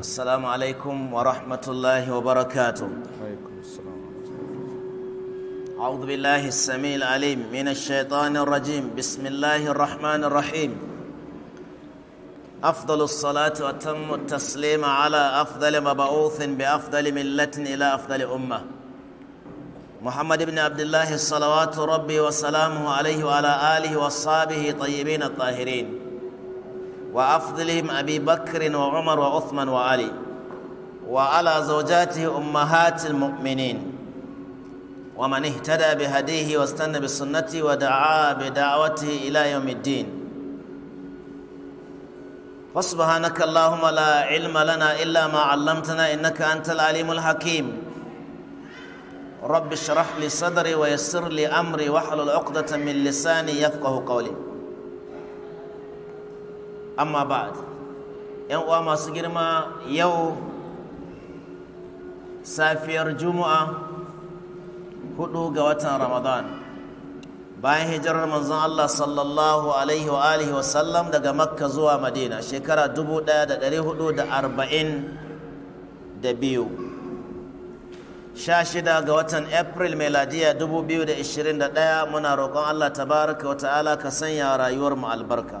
السلام عليكم ورحمة الله وبركاته عليكم السلام أعوذ بالله السميع العليم من الشيطان الرجيم بسم الله الرحمن الرحيم أفضل الصلاة وتم التسليم على أفضل مبعوث بأفضل ملة إلى أفضل أمة محمد بن عبد الله صلوات ربي وسلامه عليه وعلى آله وصحبه طيبين الطاهرين وأفضلهم أبي بكر وعمر وعثمان وعلي وعلى زوجاته أمهات المؤمنين ومن اهتدى بهديه واستنى بسنته ودعا بدعوته إلى يوم الدين فسبحانك اللهم لا علم لنا إلا ما علمتنا إنك أنت العليم الحكيم رب اشرح لي صدري ويسر لي أمري واحلل عقدة من لساني يفقه قولي amma ba yan uwa masu girma yau safiyar juma'a hudu ga watan ramadan bayan hijirar manzon allah sallallahu alaihi wa alihi wa sallam daga makka zuwa madina shekara 1442 sha shida ga watan april meladiya 2021 muna roƙon allah tabaraka wa ta'ala ka sanya rayuwar mu albarka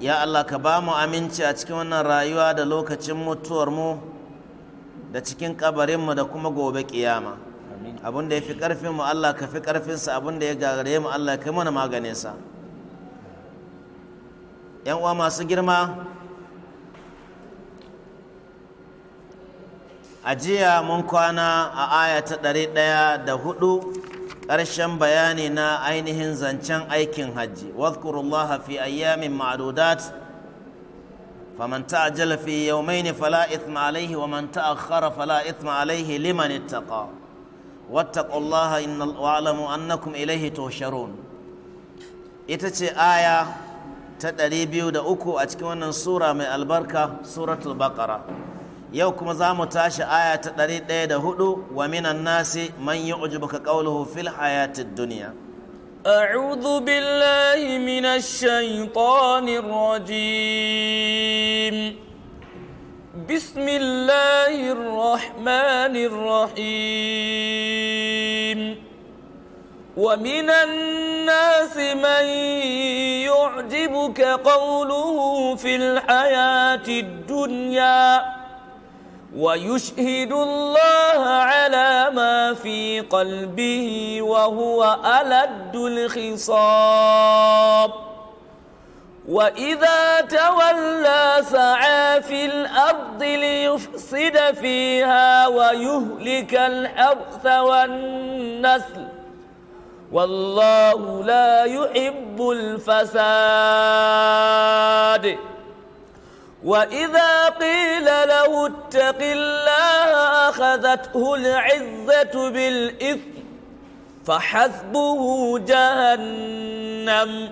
ya Allah ka ba mu aminci a cikin wannan rayuwa da lokacin mutuwar mu da cikin kabarinmu da kuma gobe kiyama abin da ya fi karfin mu Allah ka fi karfin da ya gagare mu Allah ka mana maganinsa uwa masu girma Ajiya mun kwana a aya ta ɗari ɗaya da hudu ƙarshen bayani na ainihin zancen aikin hajji wadhkurullaha fi ayyamin ma'dudat faman ta'ajjala fi yawmayn fala ithma alayhi wa man ta'akhkhara fala ithma alayhi liman ittaqa wattaqullaha inna wa'lamu annakum ilayhi ita ce aya ta 203 a cikin wannan sura mai albarka suratul baqara yau kuma za mu tashi aya ta ɗari ɗaya da hudu wa minan nasi man yi ujubuka ƙauluhu fil hayatid duniya أعوذ بالله من الشيطان الرجيم بسم الله الرحمن الرحيم ومن الناس من يعجبك قوله في الحياة الدنيا ويشهد الله على ما في قلبه وهو ألد الخصاب وإذا تولى سعى في الأرض ليفسد فيها ويهلك الحرث والنسل والله لا يحب الفساد وإذا قيل له اتق الله أخذته العزة بالإثم فحسبه جهنم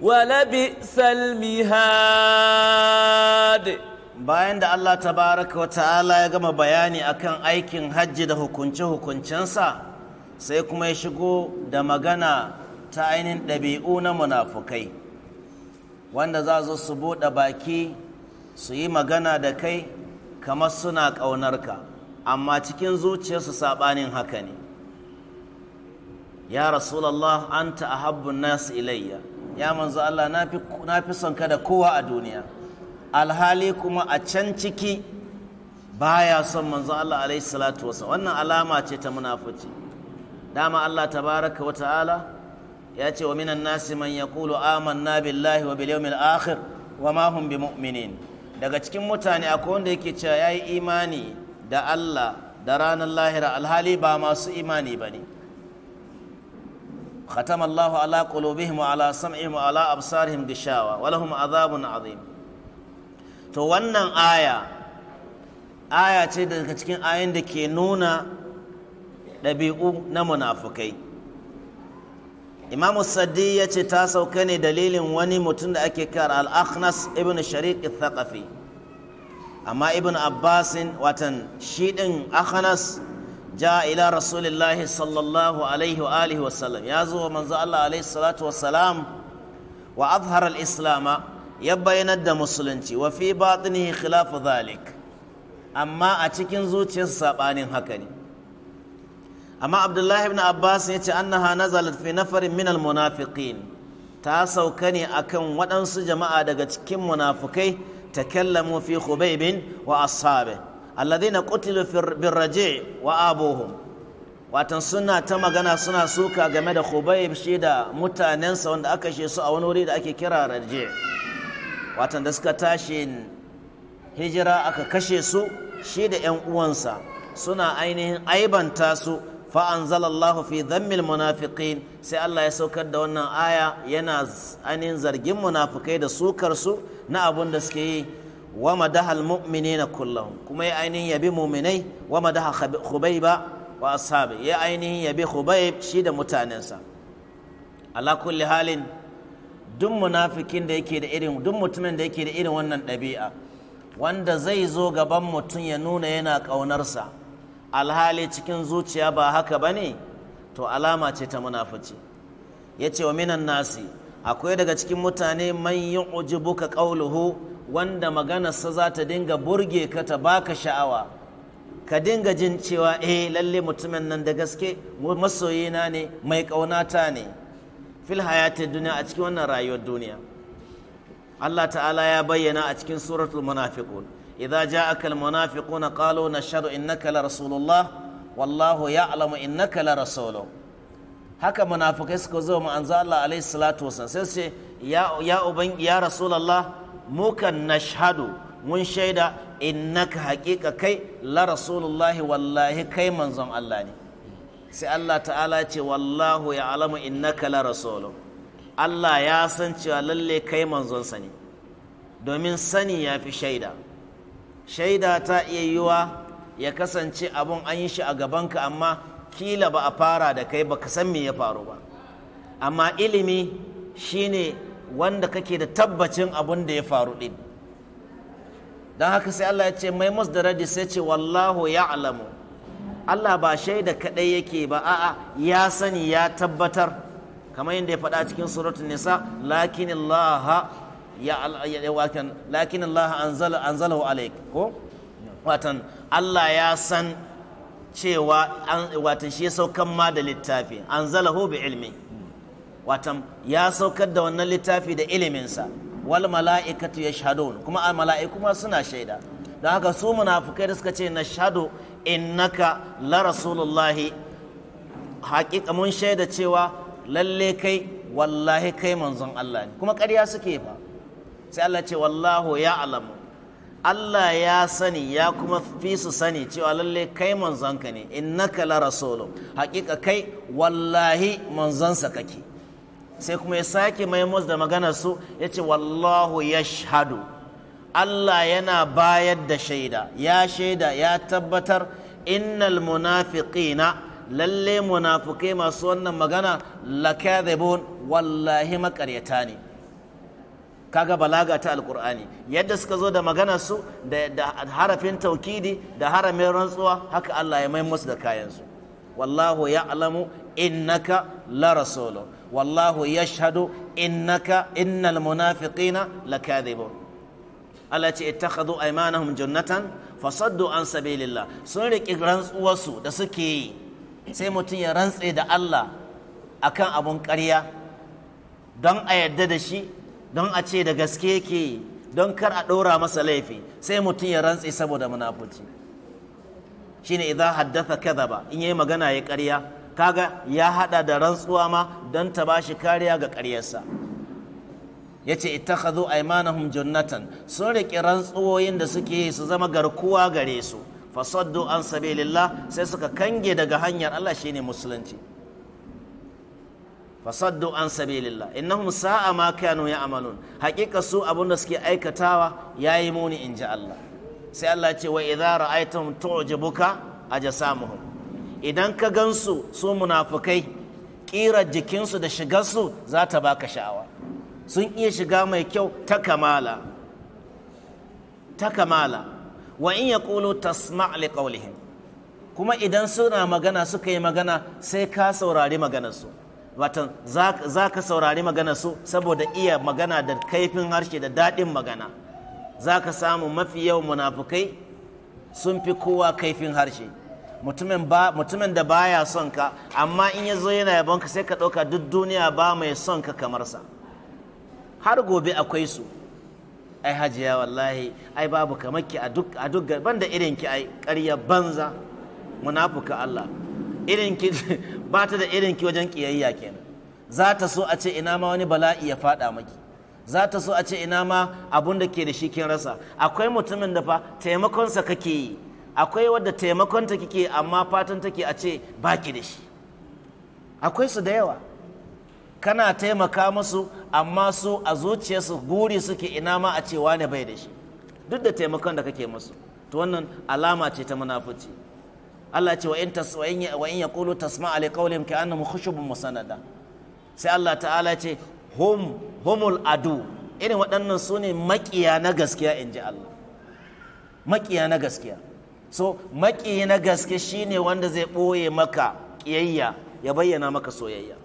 ولبئس المهاد bayan da Allah tabaraka wa ta'ala ya gama bayani akan aikin hajji da hukunce-hukuncensa sai kuma ya shigo da magana ta ainihin ɗabi'u na munafukai wanda za su buɗe baki su yi magana da kai kamar suna ƙaunarka amma cikin zuciyarsu saɓanin haka ne ya rasulallah an ta'ahabbun nasu ilayya ya manzo Allah na fi son ka da kowa a duniya alhali kuma a can ciki baya son manzo Allah alaihi salatu wasallam wannan alama ce ta munafuci dama Allah tabaraka wa ta'ala ya ce wa minan nasi man yaqulu amanna billahi wa bil yawmil akhir wa ma hum bimu'minin daga cikin mutane akwai wanda yake cewa ya yi imani da Allah da ranar lahira alhali ba masu imani ba ne ختم wa ala sam'ihim wa ala absarihim أبصارهم غشاوة ولهم عذاب azim to wannan aya aya ce daga cikin ayan da ke nuna ɗabi'u na munafukai imamu saddi ya ce ta sauka ne dalilin wani mutum da ake kar al-akhnas ibn shariq al-thaqafi amma ibn abbasin watan shi din akhnas ja ila rasulillahi sallallahu alaihi wa alihi wasallam ya zo manzo Allah alaihi salatu wassalam wa azhara al-islam ya bayyana da musulunci wa fi batinihi khilafu dhalik amma a cikin zuciyarsa sabanin haka ne amma abdullahi ibn abbas ya ce annaha nazalat fi nafarin minal munafiqin ta sauka ne akan waɗansu jama'a daga cikin munafukai takallamu fi khubaybin wa ashabi alladhina qutilu bir raji' wa abuhum watan suna ta magana suna suka game da khubayb shi da mutanensa wanda aka she su a wani wuri da ake kira raji' watan da suka tashi hijira aka kashe su shi da 'yan uwansa suna ainihin aibanta su fa anzalallahu fi dhammil munafiqin sai Allah ya saukar da wannan aya yana anin zargin munafikai da sukar su na abun da suke yi wa madahal mu'minina kullahum kuma ya ainihin yabi mu'minai wa madaha khubayba wa ashabi ya ainihin yabi khubayb shi da mutanensa ala kulli halin duk da yake mutumin da yake da irin wannan ɗabi'a wanda zai zo gaban mutum ya nuna yana ƙaunarsa alhali cikin zuciya ba haka ba ne to alama ce ta munafici ya ce wa minan nasi akwai daga cikin mutane man yi buka ƙauluhu wanda maganarsa za ta dinga burge ka ta baka sha'awa ka dinga jin cewa eh lalle mutumin nan da gaske masoyina ne mai ƙaunata ne fil hayatin duniya a cikin wannan rayuwar duniya Allah ta'ala ya bayyana a cikin suratul munafiqun idza ja'aka almunafiquna qalu nashhadu innaka la rasulullah wallahu ya'lamu innaka la rasuluh haka munafikai suka zo mu anzo Allah alaihi salatu wasallam sai su ce ya ya uban ya rasulullah mukan nashhadu mun shaida innaka haƙiƙa kai la rasulullahi wallahi kai manzon Allah ne sai Allah ta'ala ce wallahu ya alamu innaka la rasulu Allah ya san cewa lallai kai manzon sani domin sani ya fi shaida shaida ta iya yiwuwa ya kasance abun an yi shi a gabanka amma kila ba a fara da kai ba ka san me ya faru ba amma ilimi shine wanda kake da tabbacin abun da ya faru din don haka sai Allah ya ce mai musdaradi sai ce wallahu alamu. Allah ba shaida kaɗai yake ba a'a ya sani ya tabbatar kamar yadda ya faɗa cikin suratun nisa lakin Allah ya wakan lakin Allah an anzalahu alaik ko watan Allah ya san cewa watan shi ya saukan ma da littafi anzalahu bi ilmi watan ya saukar da wannan littafi da iliminsa wal mala'ikatu yashhadun kuma a mala'iku ma suna shaida don haka su munafukai da suka ce na shado innaka la rasulullahi haƙiƙa mun shaida cewa lalle kai wallahi kai manzon Allah ne kuma ƙarya suke fa sai Allah ce wallahu ya alamu Allah ya sani ya kuma fi su sani cewa lalle kai manzonka ne innaka la rasulun hakika kai wallahi manzonsa kake sai kuma ya sake mai da maganar su ya ce wallahu ya shahadu Allah yana bayar da shaida ya shaida ya tabbatar innal munafiqina lalle munafiqai masu wannan magana lakadhibun wallahi makaryata ne kaga balaga ta alkur'ani yadda suka zo da magana su da harafin taukidi da haramin rantsuwa haka Allah ya mai musu da kayansu wallahu ya'lamu innaka la rasulu wallahu yashhadu innaka innal munafiqina lakadhibun Allah ce ittakhadhu aymanahum jannatan fasaddu an sabilillah sun riki rantsuwarsu da suke yi sai mutum ya rantse da Allah akan abun ƙarya don a yadda da shi don a ce da gaske yake don kar a ɗora masa laifi sai mutum ya rantse saboda munafuci shine idan haddasa kaza ba, in yi magana ya karya, kaga ya haɗa da rantsuwa ma don ta ba shi kariya ga ƙaryarsa yace ittakhadhu aymanahum junnatan" sun riƙe rantsuwoyin da suke su zama garkuwa gare su fasaddu an sabilillah sai suka kange daga hanyar Allah shine musulunci fasaddu an sabilillah innahum sa'a ma kanu ya'malun haqiqa su abun da suke aikatawa yayi muni in ji Allah sai Allah ce wa idza ra'aytum tu'jibuka ajsamuhum idan ka gansu su munafukai ƙira jikinsu da shigarsu za ta baka sha'awa sun iya shiga mai kyau ta kamala ta kamala wa in yaqulu tasma' liqawlihim kuma idan suna magana suka yi magana sai ka saurari maganarsu su watan za ka saurari magana su saboda iya magana da kaifin harshe da daɗin magana za ka samu mafi yawan munafukai sun fi kowa kaifin harshe mutumin da baya son ka amma in ya zo yana yabon ka sai ka ɗauka duk duniya ba mai son ka kamar sa har gobe akwai su ai hajiya wallahi ai babu kamar ki a duk ban da irin ki ai ƙarya banza munafuka Allah irinki ba ta da irinki wajen kiyayya kenan za ta so a ce ina ma wani bala'i ya faɗa maki za ta so a ce ina ma abun da ke da shi kin rasa akwai mutumin da fa taimakonsa kake yi akwai wadda taimakonta kike amma fatan take a ce baki da shi akwai su da yawa kana taimaka musu amma su a zuciyarsu guri suke ina ma a ce wane bai da shi duk da taimakon da kake musu to wannan alama ce ta munafuci Allah ce wa in taswayin wa in yaqulu tasma ali qawlihim ka annahum khushubun musannada sai Allah ta'ala ce hum humul adu irin waɗannan su ne makiya na gaskiya in ji Allah makiya na gaskiya so makiyi na gaske shine wanda zai ɓoye maka ƙiyayya ya bayyana maka soyayya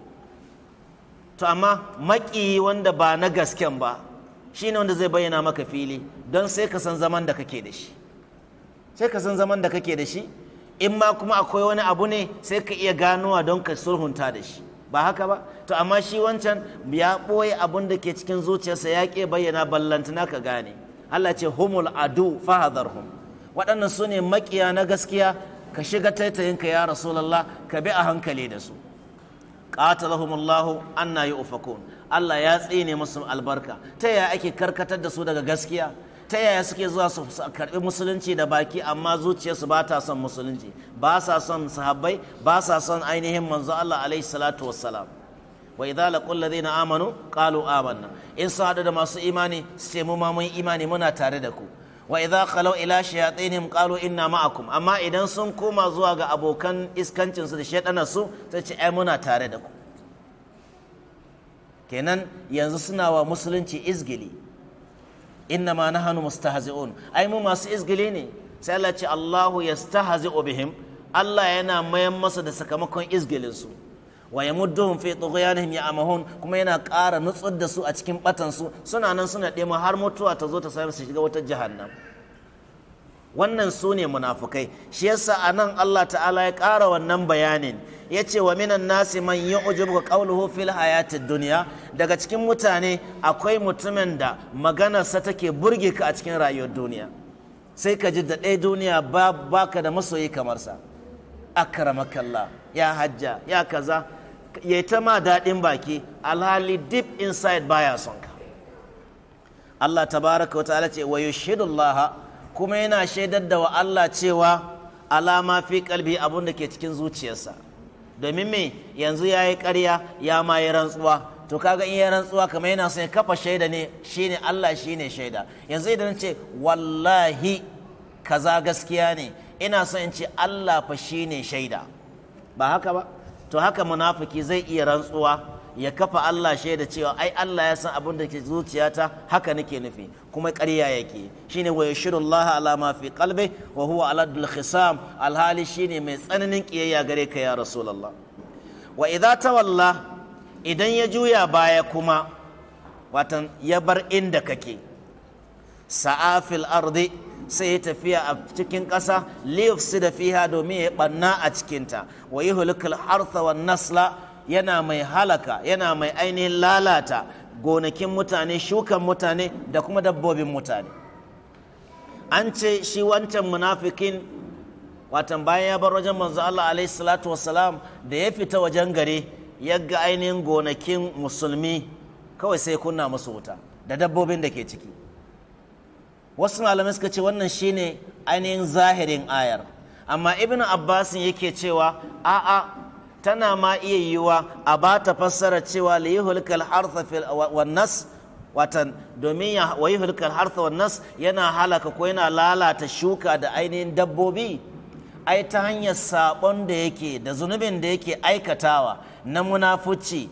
to amma makiyi wanda ba na gasken ba shine wanda zai bayyana maka fili don sai ka san zaman da kake da shi sai ka san zaman da kake da shi in ma kuma akwai wani abu ne sai ka iya ganowa don ka sulhunta da shi ba haka ba to amma shi wancan ya ɓoye abun da ke cikin zuciyarsa ya ke bayyana ballantana ka gane Allah ce humul adu fahadarhum waɗannan su ne makiya na gaskiya ka shiga taitayinka ya rasulallah ka bi a hankali da su qatalahumullahu yi ufakun Allah ya tsine musu albarka ta ya ake karkatar da su daga gaskiya ta yaya suke zuwa su karbi musulunci da baki amma zuciyarsu ba ta son musulunci ba sa son sahabbai ba sa son ainihin manzo Allah alaihi salatu wassalam wa idza laqul ladina amanu qalu amanna in sun hadu da masu imani sai mu ma mun imani muna tare da ku wa idza khalaw ila shayatinihim qalu inna ma'akum amma idan sun koma zuwa ga abokan iskancin su da shaydanar su sai ce ai muna tare da ku kenan yanzu suna wa musulunci izgili inna ma hannu mustahzi'un ai mu masu izgili ne sai Allah ce Allahu yastahzi'u bihim Allah yana mayan masa da sakamakon izgilin su wa yamudduhum fi tughyanihim amahun kuma yana ƙara nutsar da su a cikin batan suna nan suna ɗema har mutuwa ta zo ta sami su shiga wata jahannam wannan su ne munafukai shi yasa a nan Allah ta'ala ya ƙara wannan bayanin ya ce wa minan nasi man yi ujubu qawluhu fil hayatid duniya daga cikin mutane akwai mutumin da maganarsa take burge ka a cikin rayuwar duniya sai ka ji da ɗaya duniya ba ka da masoyi kamar sa akramakallah ya hajja ya kaza yayi ta ma daɗin baki alhali deep inside baya son ka Allah tabaraka wa ta'ala ce wa yushhidullaha kuma yana shaidar da wa Allah cewa alama fi kalbi abun da ke cikin zuciyarsa domin mai yanzu ya yi ƙarya ya ma yi rantsuwa to kaga in ya rantsuwa kamar yana son ya kafa shaida ne shine Allah shine shaida yanzu idan ce wallahi kaza gaskiya ne ina son in ce Allah fa shine shaida ba haka ba to haka munafiki zai iya rantsuwa ya kafa Allah shaida cewa ai Allah ya san abin da ke zuciyata haka nake nufi kuma ƙarya yake shine wa yashhadullahu ala ma fi qalbi wa huwa aladul khisam alhali shine mai tsananin kiyayya gare ka ya rasulullah wa idza tawalla idan ya juya baya kuma watan ya bar inda kake sa'afil ardi sai ya tafiya a cikin ƙasa da fiha domin ya ɓanna a cikinta wa yuhlikal hartha wa nasla yana mai halaka yana mai ainihin lalata gonakin mutane shukan mutane da kuma dabbobin mutane an ce shi wancan munafikin watan bayan ya bar wajen manzo Allah alaihi salatu wasalam da ya fita wajen gari ga ainihin gonakin musulmi kawai sai kunna musu wuta da dabbobin da ke ciki wasu malamai suka ce wannan shine ainihin zahirin ayar amma ibnu abbasin yake cewa a'a tana ma iya yiwuwa a ba ta fassara cewa layi yuhlikal hartha fil wannan watan domin ya wayi hulkar harsa wan yana halaka ko yana lalata shuka da ainihin dabbobi ai ta hanyar sabon da yake da zunubin da yake aikatawa na munafuci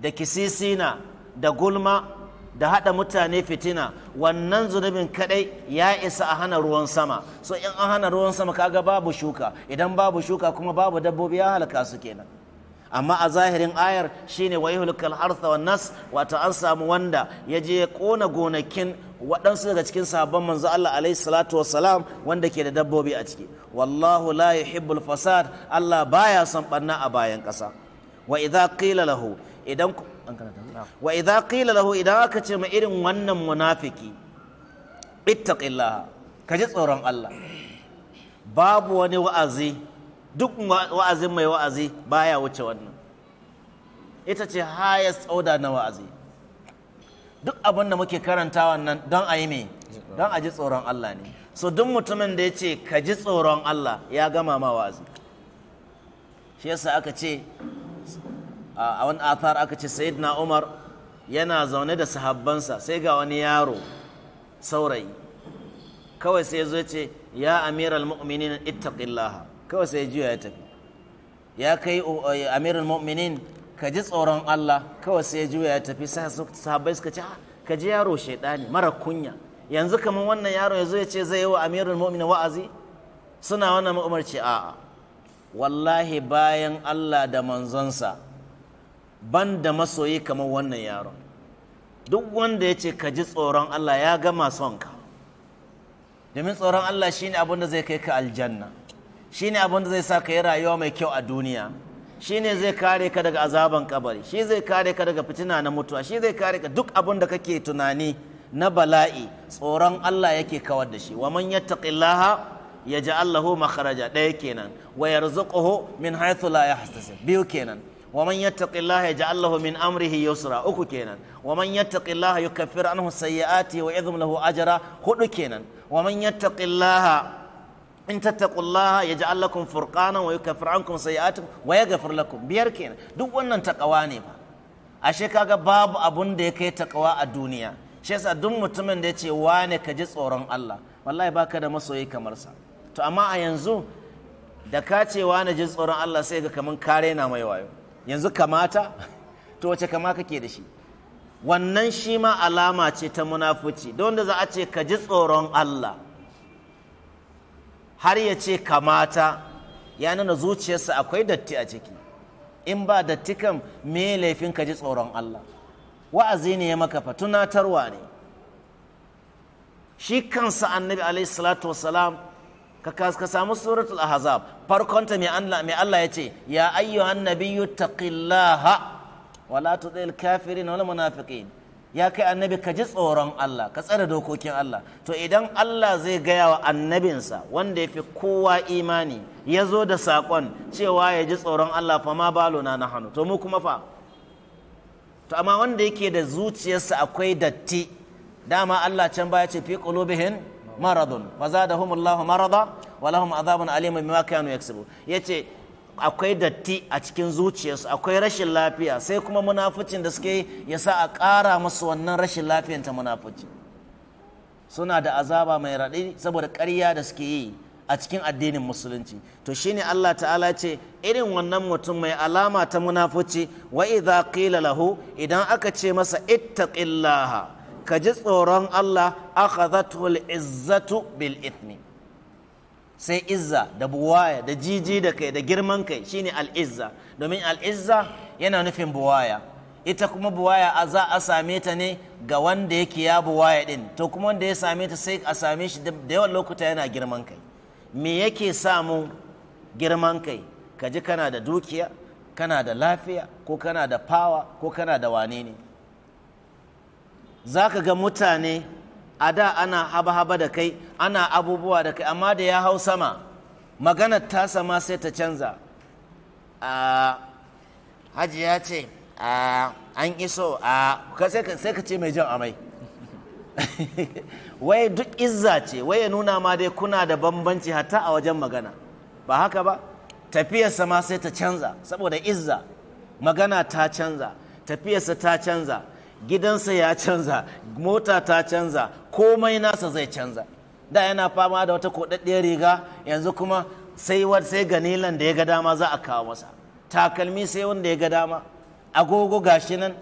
da kisisina da gulma da haɗa mutane fitina wannan zunubin kadai ya isa a hana ruwan sama so in an hana ruwan sama kaga babu shuka idan babu shuka kuma babu dabbobi ya halaka su kenan amma a zahirin ayar shine wa yuhlikal hartha wan nas wato an samu wanda ya je ya kona gonakin waɗansu daga cikin sahabban manzo Allah alaihi salatu wassalam wanda ke da dabbobi a ciki wallahu la yuhibbul fasad Allah baya son barna a bayan ƙasa wa idza qila lahu idan wa idza qila lahu idan aka ce ma irin wannan munafiki ittaqillah ka ji tsoron Allah babu wani wa'azi duk wa'azin mai wa'azi baya wuce wannan ita ce highest order na wa'azi duk abin da muke karanta wannan don a yi me don a ji tsoron Allah ne so duk mutumin da ya ce ka ji tsoron Allah ya gama ma wa'azi shi yasa aka ce a wani athar aka ce sayyidina umar yana zaune da sahabbansa sai ga wani yaro saurayi kawai sai ya zo ce ya amiral mu'minin ittaqillaha kawai sai ya juya ya tafi ya kai uh, uh, amiral mu'minin ka ji tsoron Allah kawai sai ya juya ya tafi sai sahabbai suka ce ah, ka ji yaro shaidani mara kunya yanzu kamar wannan yaro ya zo ya ce zai yi wa amirul mu'minin wa'azi suna wannan umarci a'a wallahi bayan Allah da manzonsa ban da masoyi kamar wannan yaron duk wanda ya ce ka ji tsoron Allah ya gama son ka domin tsoron Allah shine abin da zai kai ka aljanna shine abin da zai sa ka yi rayuwa mai kyau a duniya shine zai kare ka daga azaban kabari shi zai kare ka daga fitina na mutuwa shi zai kare ka duk abin da kake tunani na bala'i tsoron Allah yake kawar da shi wa man yattaqillaha yaj'al lahu makaraja. ɗaya kenan wa yarzuquhu min haythu la yahtasib biyu kenan wa man yattaqillaha yaj'al lahu min amrihi yusra uku kenan wa man yattaqillaha yukaffir anhu sayyi'ati wa yadhum lahu ajra hudu kenan wa man yattaqillaha in tattaqullaha yaj'al lakum furqana wa yukaffir ankum sayyi'atikum wa yaghfir lakum biyar kenan duk wannan takawa ne ba ashe kaga babu abun da ya kai takawa a duniya shi duk mutumin da ya ce wane ka ji tsoron Allah wallahi baka da masoyi kamar sa to amma a yanzu da ka ce wane ji tsoron Allah sai ga kaman kare na mai wayo yanzu kamata to wace kama kake da shi wannan shi ma alama ce ta munafuci don da za a ce ka ji tsoron Allah har ya ce kamata ya nuna zuciyarsa akwai datti a ciki in ba datti kan me laifin ka ji tsoron Allah wa'azi ne ya maka fa tunatarwa ne shi kansa annabi alaihi salatu wasalam ka samu suratul ahzab farkonta mai Allah mai Allah ya ayyuhan nabiyyu taqillaha wala tudil kafirin wala munafiqin ya kai annabi ka ji tsoron Allah ka tsare dokokin Allah to idan Allah zai gaya wa annabinsa wanda ya fi kowa imani ya zo da saƙon cewa ya ji tsoron Allah fa ma balo na na hannu to mu kuma fa to amma wanda yake da zuciyarsa akwai datti dama Allah can baya ce fi qulubihim maradun fa zadahum Allah marada wa lahum azabun alim bima kanu yaksubu yace akwai datti a cikin zuciyarsu akwai rashin lafiya sai kuma munafucin da suke ya sa a kara musu wannan rashin lafiyan ta munafuci suna da azaba mai raɗi saboda ƙarya da suke yi a cikin addinin musulunci to shine Allah ta'ala ce irin wannan mutum mai alama ta munafuci wa idza qila lahu idan aka ce masa ittaqillaha ka ji tsoron Allah akhadhatul izzatu bil ithmi sai izza da buwaya da jiji da kai da girman kai shine al'izza domin al'izza yana nufin buwaya ita kuma buwaya a za a same ta ne ga wanda yake ya buwaya din to kuma wanda ya same ta sai a same shi da yawan lokuta yana girman kai me yake sa samu girman kai ka ji kana da dukiya kana da lafiya ko kana da power ko kana da wane ne za ka ga mutane a da ana haba-haba da kai ana abubuwa da kai amma da ya hau sama maganar ta sama sai ta canza Haji ya ce an iso a sai ka ce mai jan amai wai duk izza ce wai ya nuna ma dai kuna da bambanci hatta a wajen magana ba haka ba tafiyarsa ma sai ta canza saboda izza magana ta canza tafiyarsa ta canza gidansa ya canza mota ta canza komai nasa zai canza da yana fama da wata kodaddiyar riga yanzu kuma sai sai ganilan da ya ga dama za a kawo masa takalmi sai wanda ya ga dama agogo gashi nan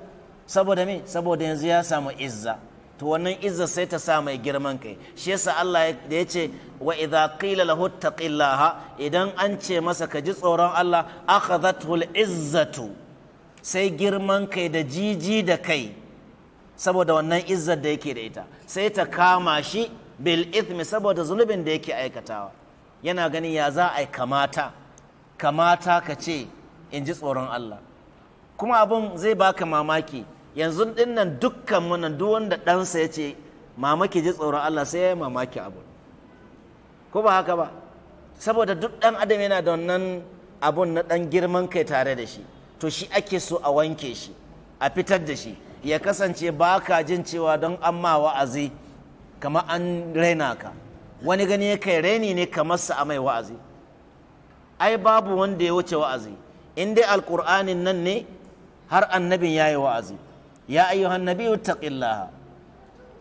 saboda me saboda yanzu ya samu izza to wannan izza sai ta sa mai girman kai shi yasa Allah da ya ce wa idza qila lahu taqillaha idan an ce masa ka ji tsoron Allah akhadhatul izzatu sai girman kai da jiji da kai saboda wannan izzar da yake da ita sai ta kama shi bil ithmi saboda zunubin da yake aikatawa yana ganin ya za a kamata kamata ka ce in ji tsoron Allah kuma abin zai baka mamaki yanzu dinnan dukkan munan duk wanda ɗansa ya ce mamaki ji tsoron Allah sai ya mamaki abu ko ba haka ba saboda duk ɗan adam yana da wannan abun na ɗan girman kai tare da shi to shi ake so a wanke shi a fitar da shi ya kasance ba ka jin cewa don an ma wa'azi kama an raina ka wani gani ya kai raini ne kamar sa a mai wa'azi ai babu wanda ya wuce wa'azi in dai alkur'anin nan ne har annabin ya yi wa'azi ya ayyuhan nabiyyu taqillaha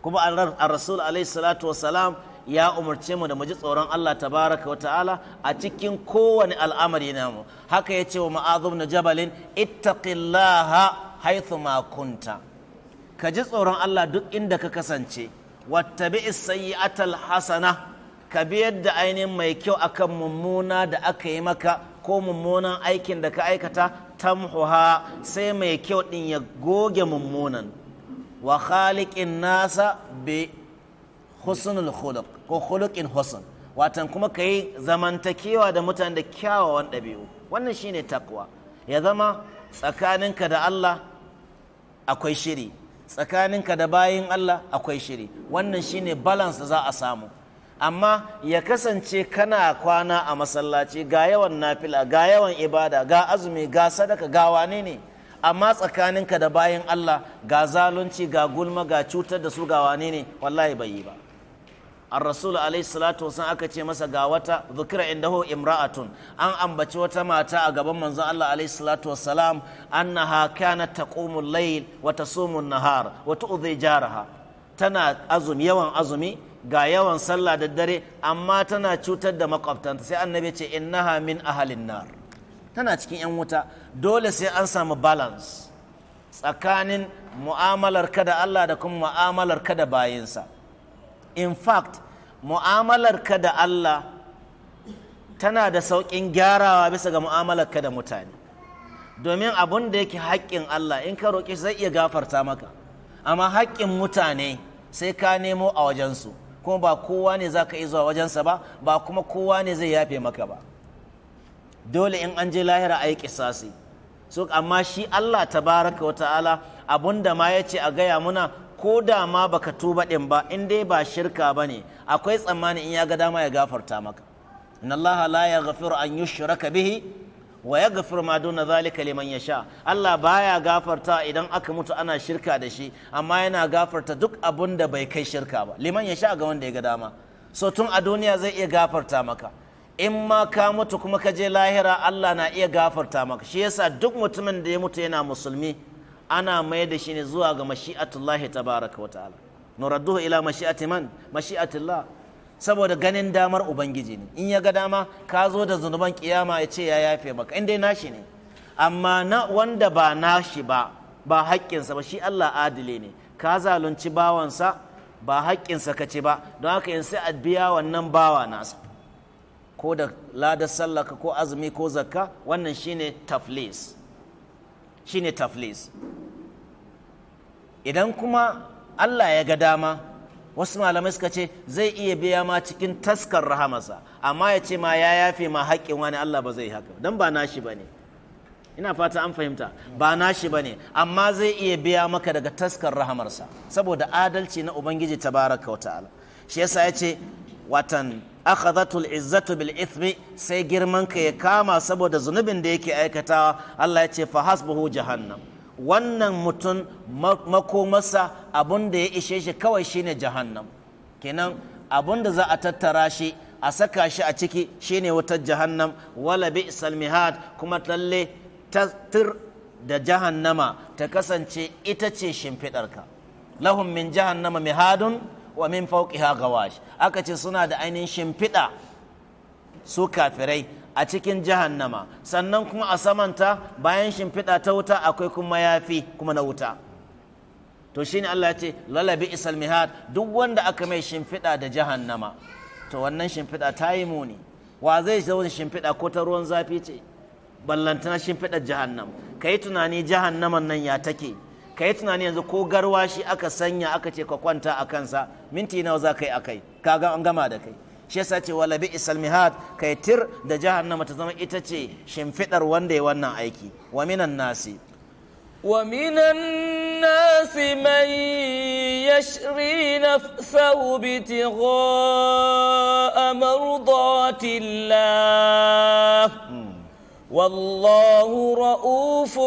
kuma ar-rasul alaihi salatu wasalam ya umarce mu da mu ji tsoron Allah tabaraka wa ta'ala a cikin kowane al'amari namu haka ya ce wa ma'azum na jabalin ittaqillaha haythu ma kunta ka ji tsoron Allah duk inda ka kasance wattabi sayyi'atal hasana ka bi da ainihin mai kyau akan mummuna da aka yi maka ko mummunan aikin da ka aikata tamhuha sai mai kyau din ya goge mummunan wa khaliqin nasa bi husnul khuluq ko khuluqin husn watan kuma ka yi zamantakewa da mutane da kyawawan ɗabi'u wannan shine takwa ya zama tsakaninka da Allah akwai shiri tsakaninka da bayin Allah akwai shiri wannan shine balance da za a samu amma ya kasance kana kwana a masallaci ga yawan nafila ga yawan ibada ga azumi ga sadaka ga wane ne amma tsakaninka da bayan Allah ga zalunci ga gulma ga cutar da su ga wane ne wallahi bai yi ba الرسول عليه الصلاة والسلام أكتي مسا قاوتا ذكر عنده امرأة أن أنبت وتماتا أقبا منزا الله عليه الصلاة والسلام أنها كانت تقوم الليل وتصوم النهار وتؤذي جارها تنا أزم يوان أزمي ga yawan sallah da dare amma tana cutar da makwabtanta sai annabi ce innaha min ahalin nar tana cikin yan wuta dole sai an samu balance tsakanin mu'amalar ka da Allah da kuma mu'amalar ka da bayinsa in fact mu'amalar ka da Allah tana da sauƙin gyarawa bisa ga mu'amalar ka da mutane domin abun da yake haƙƙin Allah in ka roƙi zai iya gafarta maka amma haƙƙin mutane sai ka nemo a wajensu kuma ba kowa ne za ka yi zuwa wajensa ba ba kuma kowa ne zai yafe maka ba dole in an je lahira a yi so amma shi Allah tabaraka wa ta'ala abun da ma ya ce a gaya muna ko da ma baka tuba din ba in dai ba shirka bane akwai tsammani in ya ga dama ya gafarta maka inna allaha la yaghfiru an yushraka bihi wa yaghfiru ma duna zalika liman yasha Allah baya gafarta idan aka mutu ana shirka da shi amma yana gafarta duk abun da bai kai shirka ba liman yasha ga wanda ya ga dama so tun a duniya zai iya gafarta maka in ma ka mutu kuma ka je lahira Allah na iya gafarta maka shi yasa duk mutumin da ya mutu yana musulmi ana mai da shi ne zuwa ga mashi'atullahi baraka wa ta'ala nuradduhu ila mashi'ati man mashi'atullah saboda ganin damar ubangiji ne in ya ga dama ka zo da zunuban kiyama ya ce ya yafe maka inda dai nashi ne amma na wanda ba nashi ba ba haƙƙinsa ba shi Allah adile ne ka zalunci bawansa ba haƙƙinsa ka ce ba don haka in sai a biya wannan bawa nasa ko da ladar sallaka ko azumi ko zakka wannan shine taflis Shi shine taflis idan kuma Allah ya ga dama wasu malamai suka ce zai iya biya ma cikin taskar rahamarsa amma ya ce ma ya yafe ma haƙƙin wani Allah ba zai haka don ba nashi ba ne ina fata an fahimta ba nashi ba ne amma zai iya biya maka daga taskar rahamarsa saboda adalci na ubangiji ta wa ta'ala shi yasa ya ce watan akhadhatul izzatu bil ithmi sai girman ka ya kama saboda zunubin da yake aikatawa Allah ya ce fa hasbuhu jahannam wannan mutum makomarsa abun da ya ishe shi kawai shine jahannam kenan abun da za a tattara shi a saka shi a ciki shine wutar jahannam wala bi mihad kuma talle tir da jahannama ta kasance ita ce shimfidarka. lahum min jahannama mihadun wa min fauqiha gawash aka ce suna da ainihin shimfiɗa su kafirai a cikin jahannama sannan kuma a samanta bayan shimfiɗa ta wuta akwai kuma yafi kuma na wuta to shine Allah ya ce lalabi isal mihad duk wanda aka mai shimfiɗa da jahannama to wannan shimfiɗa ta yi muni wa zai zo shimfiɗa ko ta ruwan zafi ce ballantana shimfiɗa jahannam ka yi tunani jahannaman nan ya take ka yi tunani yanzu ko garwashi aka sanya aka ce ka kwanta a kansa minti nawa za ka yi a kai kaga an gama da kai shi yasa ce wala bi isal mihad kai tir da jahannama ta zama ita ce shimfidar wanda ya wannan aiki wa minan nasi wa minan nasi man yashri nafsahu bi tigha mardatillah hmm. والله رؤوف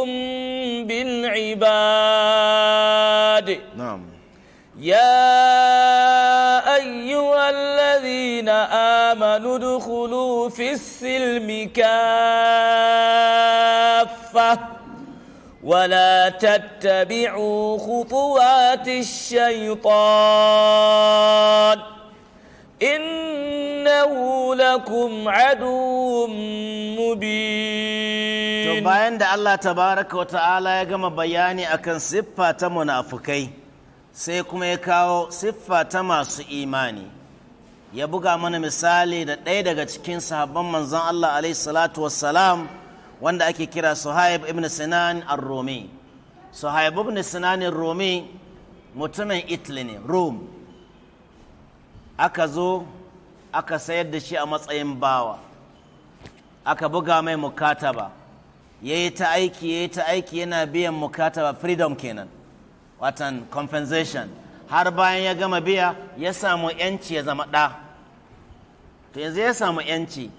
بالعباد نعم يا أيها الذين آمنوا ادخلوا في السلم كافة ولا تتبعوا خطوات الشيطان innahu lakum to bayan da Allah tabaraka wa ta'ala ya gama bayani akan siffa ta munafukai sai kuma ya kawo siffa ta masu imani ya buga mana misali da ɗaya daga cikin sahabban manzon Allah alaihi salatu wassalam wanda ake kira Suhaib ibn Sinani ar Suhaib ibn Sinan rumi mutumin Italy ne Rome aka zo aka sayar da shi a matsayin bawa aka buga mai mukataba ya yi ta aiki ya yi ta aiki yana biyan mukataba freedom kenan watan compensation har bayan ya gama biya ya samu yanci ya zama ɗa to yanzu ya samu yanci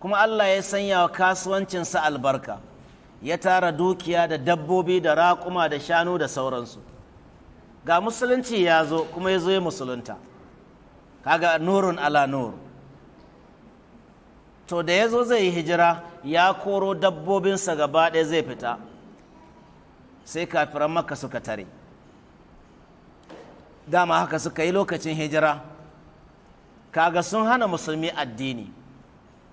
kuma allah ya sanya wa kasuwancinsa albarka ya tara dukiya da dabbobi da raƙuma da shanu da sauransu ga musulunci ya zo kuma ya zo ya musulunta kaga nurun ala nur to da ya zo zai yi hijira ya koro dabbobinsa gaba ɗaya zai fita sai kafiran maka suka tare dama haka suka yi lokacin hijira kaga sun hana musulmi addini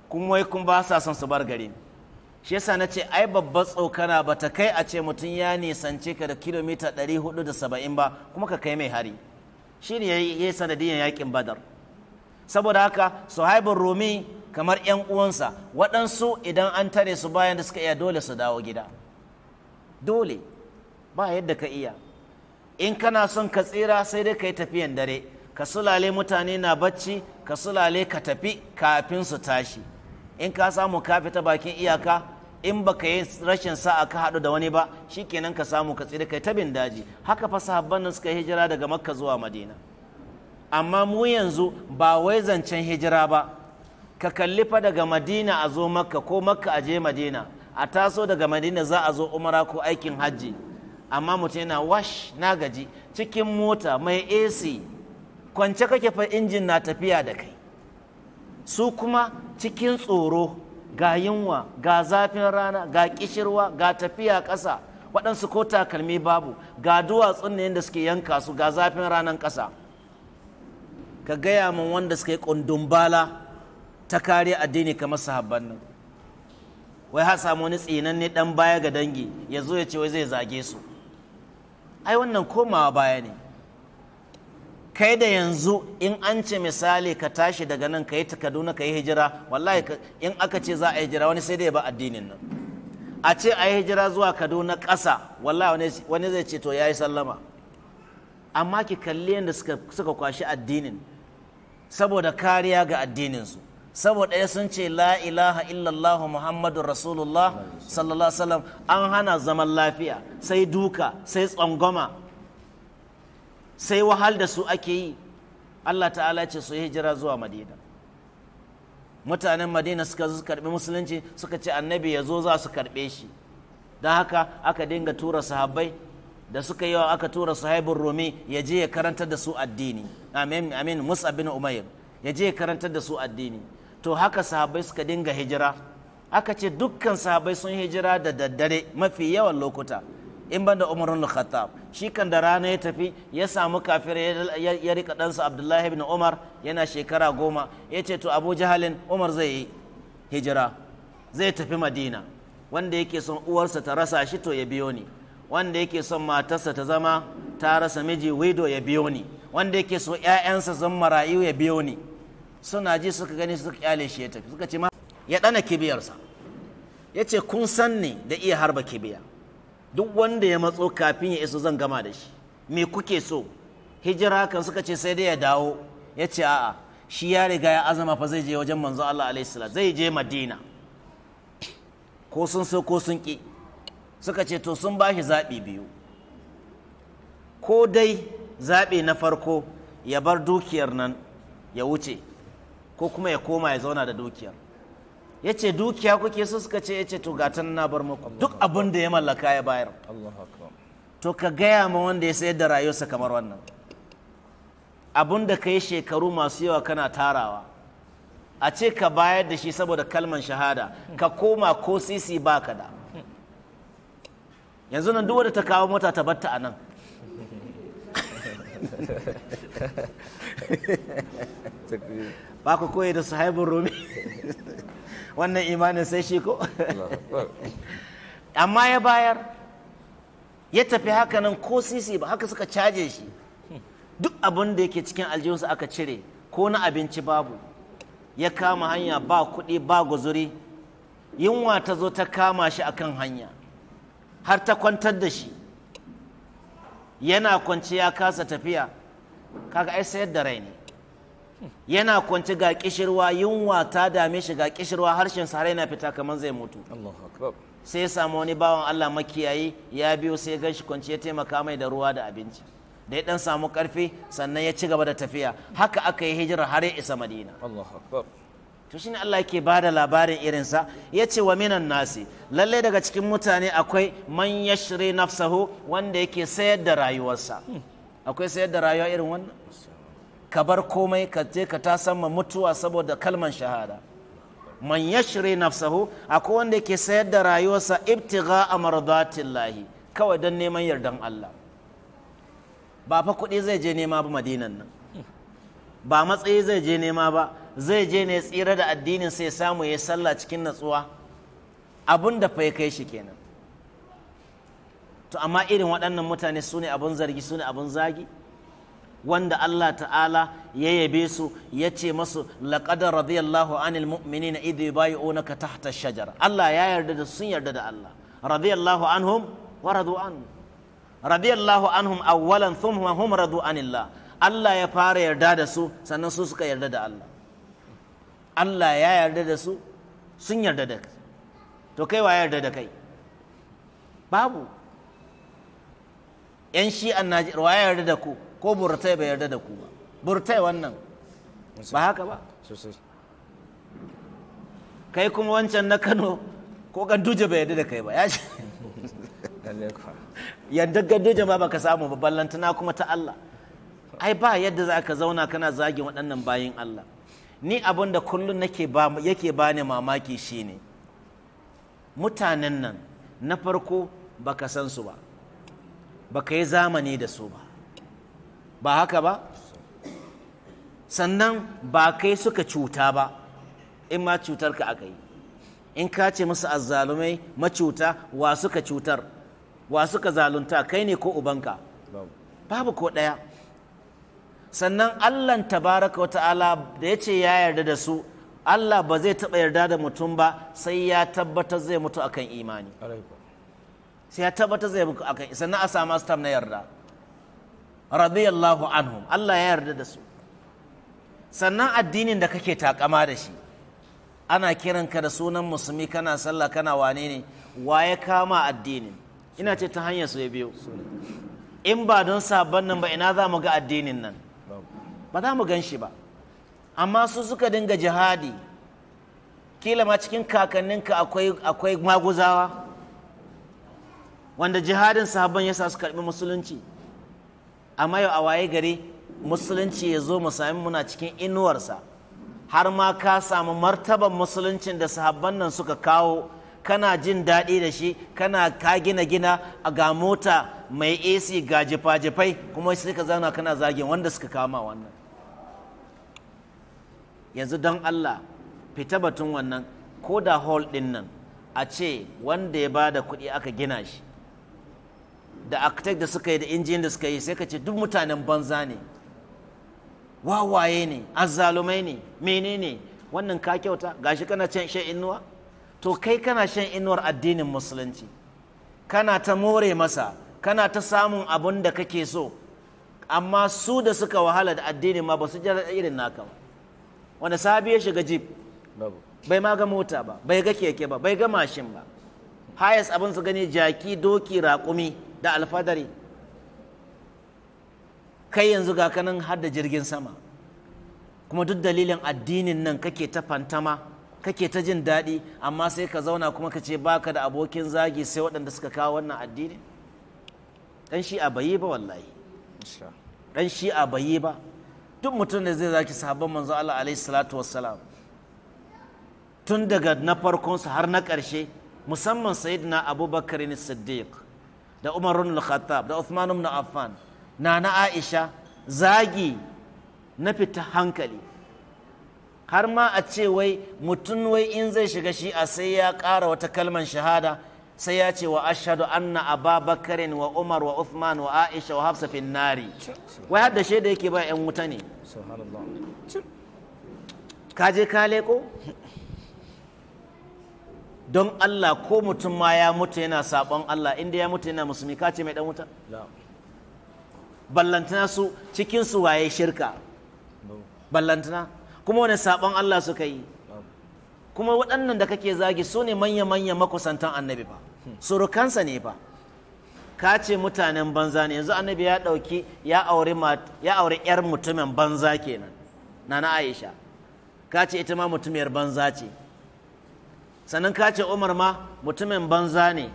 kuma wai kun ba sa son su bar gari shi yasa na ce ai babbar tsokana ba ta kai a ce mutum ya nisance ka da kilomita 470 ba kuma ka kai mai hari yi yayi sanadiyar yakin badar saboda haka suhaibun romi kamar yan uwansa waɗansu idan an tare su bayan da suka iya dole su dawo gida dole ba yadda ka iya in kana son ka tsira sai dai ka yi tafiyan dare ka sulale mutane na bacci ka sulale ka tafi kafin su tashi in ka samu ka fita bakin iyaka in baka yi rashin sa'a ka haɗu da wani ba shi shikenan ka samu ka tsira kai tabin daji haka fa sahabban nan suka hijira daga makka zuwa madina amma mu yanzu ba wai zancen hijira ba ka kalli fa daga madina a zo makka ko makka a je madina a taso daga madina za a zo umara ko aikin hajji amma mutum yana wash na gaji cikin mota mai ac kwance kake fa injin na tafiya da kai su kuma cikin tsoro ga yunwa ga zafin rana ga kishirwa ga tafiya ƙasa waɗansu ko takalmi babu ga duwatsun ne da suke yanka su ga zafin ranar ƙasa ka gaya min wanda suka yi ƙundumbala ta kare addini kamar sahabban nan wai ha samu wani ne ɗan baya ga dangi ya zo ya ce wai zai zage su ai wannan komawa baya ne kai da yanzu in an ce misali ka tashi daga nan ka yi kaduna ka yi hijira wallahi in aka ce za a yi hijira wani sai dai ba addinin nan a ce a yi hijira zuwa kaduna ƙasa wallahi wani zai ce to ya yi sallama amma ki kalli yadda suka kwashi addinin saboda kariya ga addininsu saboda ya sun ce la ilaha illallah muhammadu rasulullah sallallahu alaihi an hana zaman lafiya sai duka sai tsangwama sai wahal da su ake yi Allah ta'ala ce su hijira zuwa madina mutanen madina suka zo su karbi musulunci suka ce annabi ya zo za su karbe shi don haka aka dinga tura sahabbai da suka yi wa aka tura sahaibin rumi ya je ya karantar da su addini amin musa bin umayr ya je ya karantar da su addini to haka sahabbai suka dinga hijira aka ce dukkan sahabbai sun hijira da daddare mafi yawan lokuta in ban da umarun khattab shi kan da rana ya tafi ya samu kafir ya rika ɗansa abdullahi ibn umar yana shekara goma ya ce to abu jahalin umar zai yi hijira zai tafi madina wanda yake son uwarsa ta rasa shi to ya biyo ni wanda yake son matarsa ta zama ta rasa miji wido ya biyo ni wanda yake so 'ya'yansa zan marayu ya biyo ni suna ji suka gani suka kyale shi ya tafi suka ce ma ya ɗana kibiyarsa ya ce kun san ni da iya harba kibiya duk wanda ya matso kafin ya iso zan gama da shi me kuke so hijira kan suka ce sai dai ya dawo ya ce a'a shi ya riga ya azama fa zai je wajen manzo Allah alaihi zai je Madina ko sun so ko sun ki suka ce to sun bashi zaɓi biyu ko dai zaɓi na farko ya bar dukiyar nan ya wuce ko kuma ya koma ya zauna da dukiyar ya ce dukiya kuke su suka ce ya ce to gatan na bar muku duk abin da ya mallaka ya bayar to ka gaya ma wanda ya sayar da rayuwarsa kamar wannan abin da ka yi shekaru masu yawa kana tarawa a ce ka bayar da shi saboda kalman shahada ka koma ko sisi ba ka da yanzu nan duk wadda ta kawo mota ta batta a nan ba ku koyi da sahibin rumi wannan imanin sai shi ko amma ya bayar ya tafi hakanan ko sisi ba haka suka caje shi duk abin da yake cikin aljihunsu aka cire ko na abinci babu ya kama hanya ba kuɗi ba guzuri yunwa ta zo ta kama shi akan hanya har ta kwantar da shi yana kwanci ya kasa tafiya kaga ai sayar da rai ne yana kwanci ga kishirwa yunwa ta dame shi ga kishirwa harshen sa na fita kamar zai mutu sai ya samu wani bawan Allah makiyayi ya biyo sai ya ganshi kwanci ya taimaka mai da ruwa da abinci da ya dan samu karfi sannan ya ci gaba da tafiya haka aka yi hijira har ya isa Madina to shine Allah yake ba da labarin irinsa ya ce wa minan nasi lallai daga cikin mutane akwai man yashri nafsahu wanda yake sayar da rayuwarsa hmm. akwai sayar da rayuwa irin wannan ka bar komai ka je ka ta sama mutuwa saboda kalman shahada man yashri nafsahu akwai wanda ke sayar da rayuwarsa ibtigha lahi kawai don neman yardan Allah ba fa kuɗi zai je nema ba madinan nan ba matsayi zai je nema ba zai je ne tsira da addinin sai samu ya sallah cikin natsuwa abin da fa ya kai shi kenan to amma irin waɗannan mutane su ne abin zargi su ne abin zagi wanda Allah ta'ala ya yabe su ya ce masu laƙadar radiyallahu anil mu'minin idh yubayi'unaka tahta shajara Allah ya yarda da sun yarda da Allah radiyallahu anhum wa radu an radiyallahu anhum awwalan thumma hum radu anillah Allah ya fara yarda da su sannan su suka yarda da Allah Allah ya yarda da su sun yarda da to kai wa yarda da kai babu yan shi'an najeriya wa yarda da ku ko burtai bai yarda da ku ba burtai wannan ba haka ba kai kuma wancan na kano ko ganduje bai yarda da kai ba ya ce yadda ganduje ma baka samu ba lantana kuma ta Allah ai ba yadda za ka zauna kana zagin waɗannan bayin Allah ni abin da kullum yake ba ni mamaki shine mutanen nan na farko baka san su ba ba ka yi zamani da su ba ba haka ba sannan ba kai suka cuta ba in ma cutar ka aka yi in ka ce musu azzalumai macuta wa suka cutar wa suka zalunta kai ne ko ubanka babu ko ɗaya sannan allan tabaraka wa ta'ala da ya ce ya yarda da su allah ba zai taɓa yarda da mutum ba sai ya tabbatar zai mutu akan imani sai ya tabbatar zai muku akai sannan a samu stamp na yarda radiyallahu anhum Allah ya yarda da su sannan addinin da kake takama da shi ana kiran ka da sunan musulmi kana sallah kana wane ne wa ya kama addinin ina ce ta hanyar su ya biyo in ba don sabon nan ba ina za mu ga addinin nan ba za mu gan shi ba amma su suka dinga jihadi kila ma cikin kakanninka akwai maguzawa wanda jihadin sahabban sa su karbi musulunci amma yau a waye gari musulunci ya zo mu sami muna cikin inuwarsa har ma ka samu martaban musuluncin da sahabban nan suka kawo kana jin daɗi da shi kana ka gina gina ga mota mai ac ga jifa-jifai kuma sai ka zauna kana zagin wanda suka kama wannan yanzu don allah fita batun wannan ko da hall ɗin nan a ce wanda ya ba da kuɗi aka gina shi da architect da suka yi da injin da suka yi sai ka ce duk mutanen banza ne wawaye ne azzalumai ne menene wannan ka kyauta gashi kana shan inuwa to kai kana shan inuwar addinin musulunci kana ta more masa kana ta samun abun da kake so amma su da suka wahala da addinin ma ba su ji irin naka ba wanda sahabi ya shiga jib bai ma ga mota ba bai ga keke ba bai ga mashin ba hayas abin su gani jaki doki raƙumi da alfadari kai yanzu ga kanin har da jirgin sama kuma duk dalilin addinin nan kake ta fantama kake ta jin daɗi amma sai ka zauna kuma ka ce baka da abokin zagi sai waɗanda suka kawo wannan addinin Ɗan shi a bayi ba wallahi Ɗan shi a bayi ba duk mutum da zai zaki sabon manzo Allah alaihi salatu wassalam tun daga na su har na ƙarshe musamman sayyidina abubakar siddiq da Umar ibn Khattab da Uthman ibn Affan na na Aisha zagi na fita hankali har ma a ce wai mutum wai in zai shiga shi a sai ya ƙara wata kalman shahada sai ya ce wa ashadu anna ababakarin wa umar wa uthman wa aisha wa hafsa fin nari wai shi da yake ba 'yan wuta ne ka je ka leko don Allah ko mutum ma ya mutu yana sabon Allah inda ya mutu yana musulmi ka ce mai dan wuta ballantana su cikin su waye shirka ballantana kuma wani sabon Allah suka yi kuma waɗannan da kake zagi su ne manya-manya makusantan annabi ba hmm. surukansa ne ba ka ce mutanen banza ne yanzu annabi ya ɗauki ya aure ya aure yar mutumin banza kenan nana Aisha ka ce ita ma mutumiyar banza ce sannan ka ce umar ma mutumin banza ne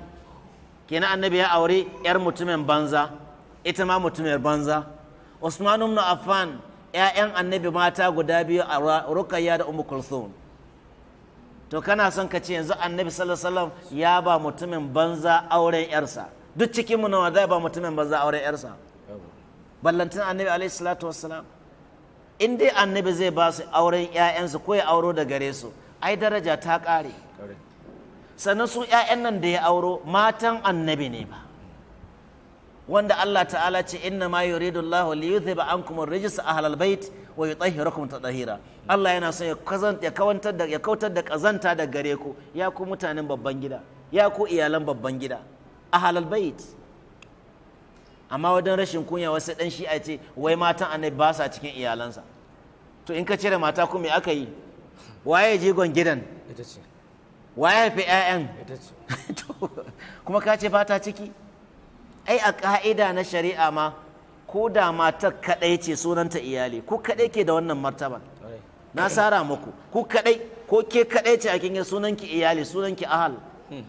kenan annabi ya aure yar mutumin banza ita ma mutumin banza usman ibn affan ƴaƴan annabi mata guda biyu a rukayya da umu kulthum to kana son ka ce yanzu annabi sallallahu alaihi wasallam ya ba mutumin banza auren yarsa duk cikin mu nawa zai ba mutumin banza auren yarsa ballantin annabi alaihi salatu wassalam in dai annabi zai ba su auren ƴaƴansu ko ya auro da gare su ai daraja ta ƙare sannan su 'ya'yan nan da ya auro matan annabi ne ba wanda Allah ta'ala ce inna ma yuridu Allah li yuthiba an kuma rijs a bait wa ta tsahira Allah yana son ya kawantar da ya kautar da kazanta da gare ku ya ku mutanen babban gida ya ku iyalan babban gida halal bait amma wajen rashin kunya wasu shi shi'a ce wai matan annabi ba sa cikin iyalansa to in ka cire mata ku me aka yi waye jigon gidan ita wa ya haifi 'ya'yan kuma ka ce ba ciki ai a ka'ida na shari'a ma ko da matar kaɗai ce sunanta iyali ko kaɗai ke da wannan martaba? na sara muku ku kaɗai ko ke kaɗai ce a kinga sunanki iyali sunanki ahal hmm.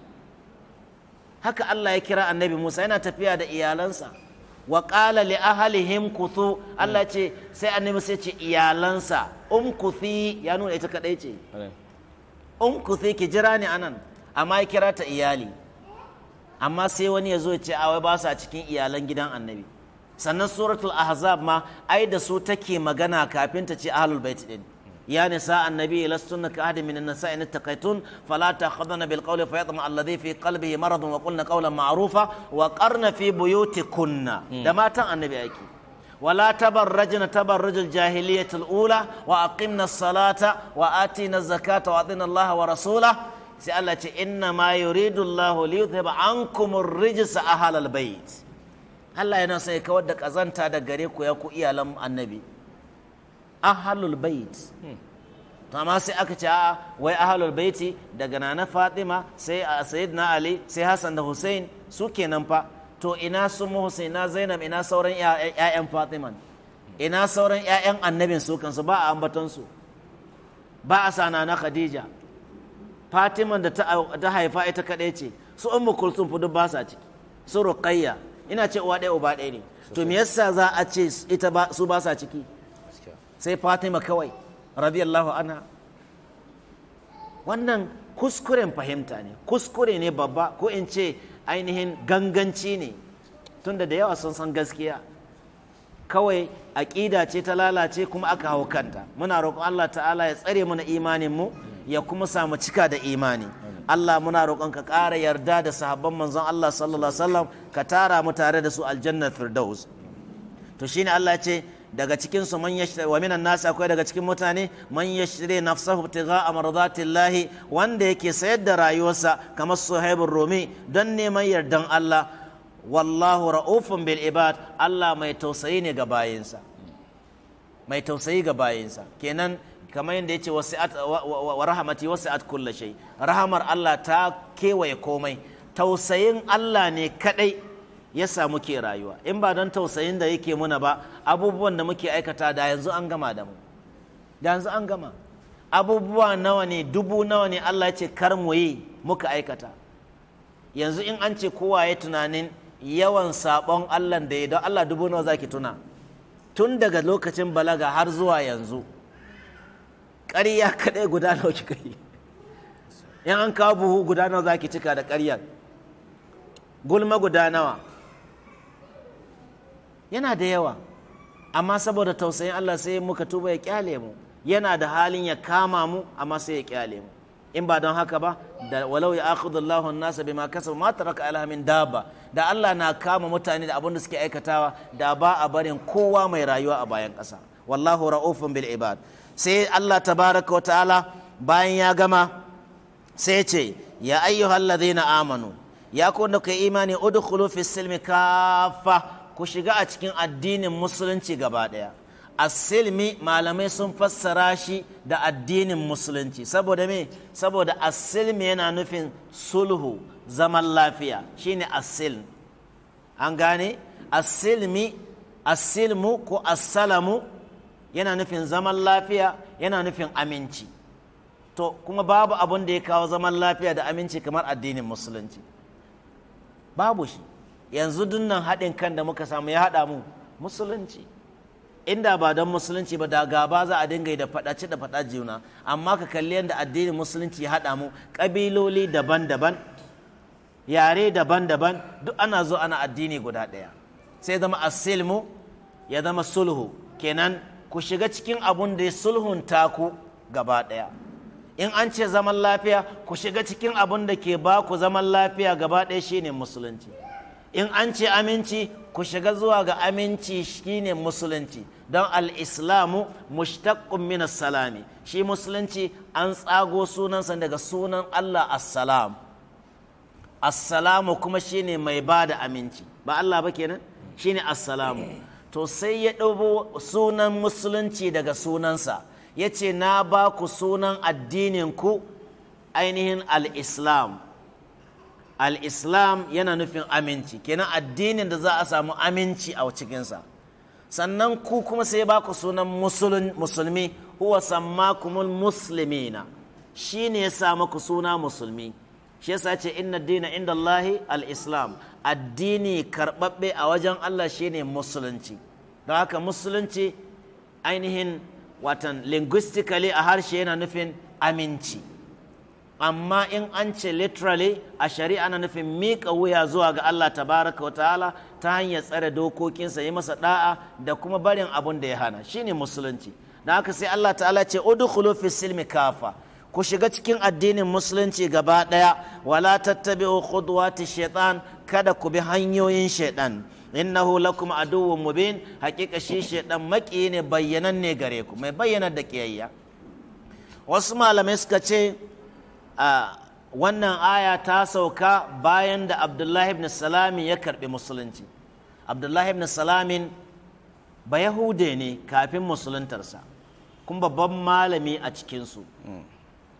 haka Allah ya kira annabi Musa yana tafiya da iyalansa wa qala li ahlihim kuthu Allah hmm. ce sai annabi sai ce iyalansa um kuthi ya nuna ita kaɗai ce sai ki jira ni anan amma ya kirata iyali amma sai wani ya zo ya ce wai basu a cikin iyalan gidan annabi sannan suratul ahzab ma ai da su take magana kafin ta ce ahlul bait din ya nisa annabi lastunna ka ahadin min an-nisa in taqaitun fala ta'khudna bil qawli fa yatma alladhi fi qalbihi marad wa qulna qawlan ma'rufa wa qarna fi buyutikunna hmm. da matan annabi ake ولا تبرجن تبرج الجاهلية الأولى وأقمنا الصلاة وآتينا الزكاة وأعطينا الله ورسوله سألت إنما يريد الله ليذهب عنكم الرجس أهل البيت Allah yana sai ka wadda kazanta da gare ku ya ku iyalan annabi ahalul bait to amma sai aka ce a'a wai ahalul baiti daga nana Fatima sai a Sayyidina Ali sai Hassan da Hussein su kenan fa to ina su Musa ina zainab ina sauran ƴaƴan fatiman ina sauran ƴaƴan annabin su kansu ba a ambaton su ba a sana na khadija fatiman da ta haifa ita kaɗai ce su ummu kulsum fudu ba sa ciki su ruqayya ina ce uwa ɗaya uba ɗaya ne to me yasa za a ce ita ba su ba sa ciki sai fatima kawai radiyallahu anha wannan kuskuren fahimta ne kuskure ne babba ko in ce ainihin ganganci ne tunda da yawa sun san gaskiya kawai aƙida ce ta lalace kuma aka hau kanta muna roƙon Allah ta'ala ya tsare mana imanin mu ya kuma samu cika da imani Allah muna roƙon ka ƙara yarda da sahabban manzon Allah sallallahu alaihi wasallam ka tara mu tare da su aljannar firdaus to shine Allah ce daga cikin su man yashri wa minan nas akwai daga cikin mutane man yashri nafsahu ibtigha amradatillahi wanda yake sayar da rayuwarsa kamar suhaibur rumi don neman yardan Allah wallahu ra'ufun bil ibad Allah mai tausayi ne ga bayinsa mai tausayi ga bayinsa kenan kamar yadda yace wasi'at wa rahmati wasi'at kulli shay rahamar Allah ta kewaye komai tausayin Allah ne kadai ya samu ke rayuwa in ba don tausayin da yake muna ba abubuwan da muke aikata da yanzu an gama da mu da yanzu an gama abubuwa nawa ne dubu nawa ne Allah ya ce kar mu yi muka aikata yanzu in an ce kowa ya tunanin yawan sabon Allah da ya don Allah dubu nawa zaki tuna tun daga lokacin balaga har zuwa yanzu ƙarya kaɗai guda nawa kika yi in an kawo buhu guda nawa zaki cika da ƙaryar gulma guda nawa yana da yawa amma saboda tausayin Allah sai muka tuba ya kyale mu yana da halin ya kama mu amma sai ya kyale mu in ba don haka ba da walau ya akhudhu Allahu an-nasa bima kasabu ma taraka ala min dabba da Allah na kama mutane da abin da suke aikatawa da ba a barin kowa mai rayuwa a bayan ƙasa wallahu ra'ufun bil ibad sai Allah tabaraka wa ta'ala bayan ya gama sai ce ya ayyuhal ladhina amanu ya ku da kai imani udkhulu fis silmi kafa. ku shiga a cikin addinin musulunci gaba ɗaya asilmi malamai sun fassara shi da addinin musulunci saboda me saboda asilmi yana nufin sulhu zaman lafiya shine asilmi an gane asilmi asilmu ko asalamu yana nufin zaman lafiya yana nufin aminci to kuma babu abin da ya kawo zaman lafiya da aminci kamar addinin musulunci babu shi yanzu dunnan haɗin kan da muka samu ya haɗa mu musulunci inda ba don musulunci ba da gaba za a dinga da faɗace da faɗa juna amma ka kalli yadda addinin musulunci ya haɗa mu ƙabiloli daban-daban yare daban-daban duk ana zo ana addini guda ɗaya sai zama asilmu ya zama sulhu kenan ku shiga cikin abun da ya sulhunta ku gaba ɗaya in an ce zaman lafiya ku shiga cikin abun da ke ba ku zaman lafiya gaba ɗaya shine musulunci in an ce aminci ku shiga zuwa ga aminci shine musulunci don al'islamu mushtaqqun mina salami shi musulunci an tsago sunansa daga sunan Allah assalam assalamu kuma shine mai ba da aminci ba Allah ba kenan shine assalamu to sai ya ɗaubo sunan musulunci daga sunansa ya ce na ba ku sunan addininku ainihin al'islam al-islam yana nufin aminci kenan addinin da za a samu aminci a cikinsa sannan ku kuma sai ba ku sunan musulmi huwa musulmi muslimina shi ne ya samu ku suna musulmi shi yasa ce inna dina inda Allahi al-islam addini karɓaɓɓe a wajen Allah shi ne musulunci don haka musulunci ainihin watan linguistically a harshe yana nufin aminci amma in an ce literally a shari'a na nufin miƙa wuya zuwa ga Allah tabaraka ta'ala ta hanyar tsare dokokinsa yi masa da'a da kuma barin abun da ya hana shine musulunci da haka sai Allah ta'ala ce udkhulu fi silmi kafa ku shiga cikin addinin musulunci gaba daya wala tattabi'u khudwati shaitan kada ku bi hanyoyin shaitan innahu lakum aduwwun mubin hakika shi shaitan maki ne bayyanan ne gare ku mai bayyana da kiyayya wasu malamai suka ce wannan aya ta sauka bayan da abdullahi ibn salamin ya karbi musulunci abdullahi ibn salamin ba yahude ne kafin musuluntarsa kuma babban malami a cikinsu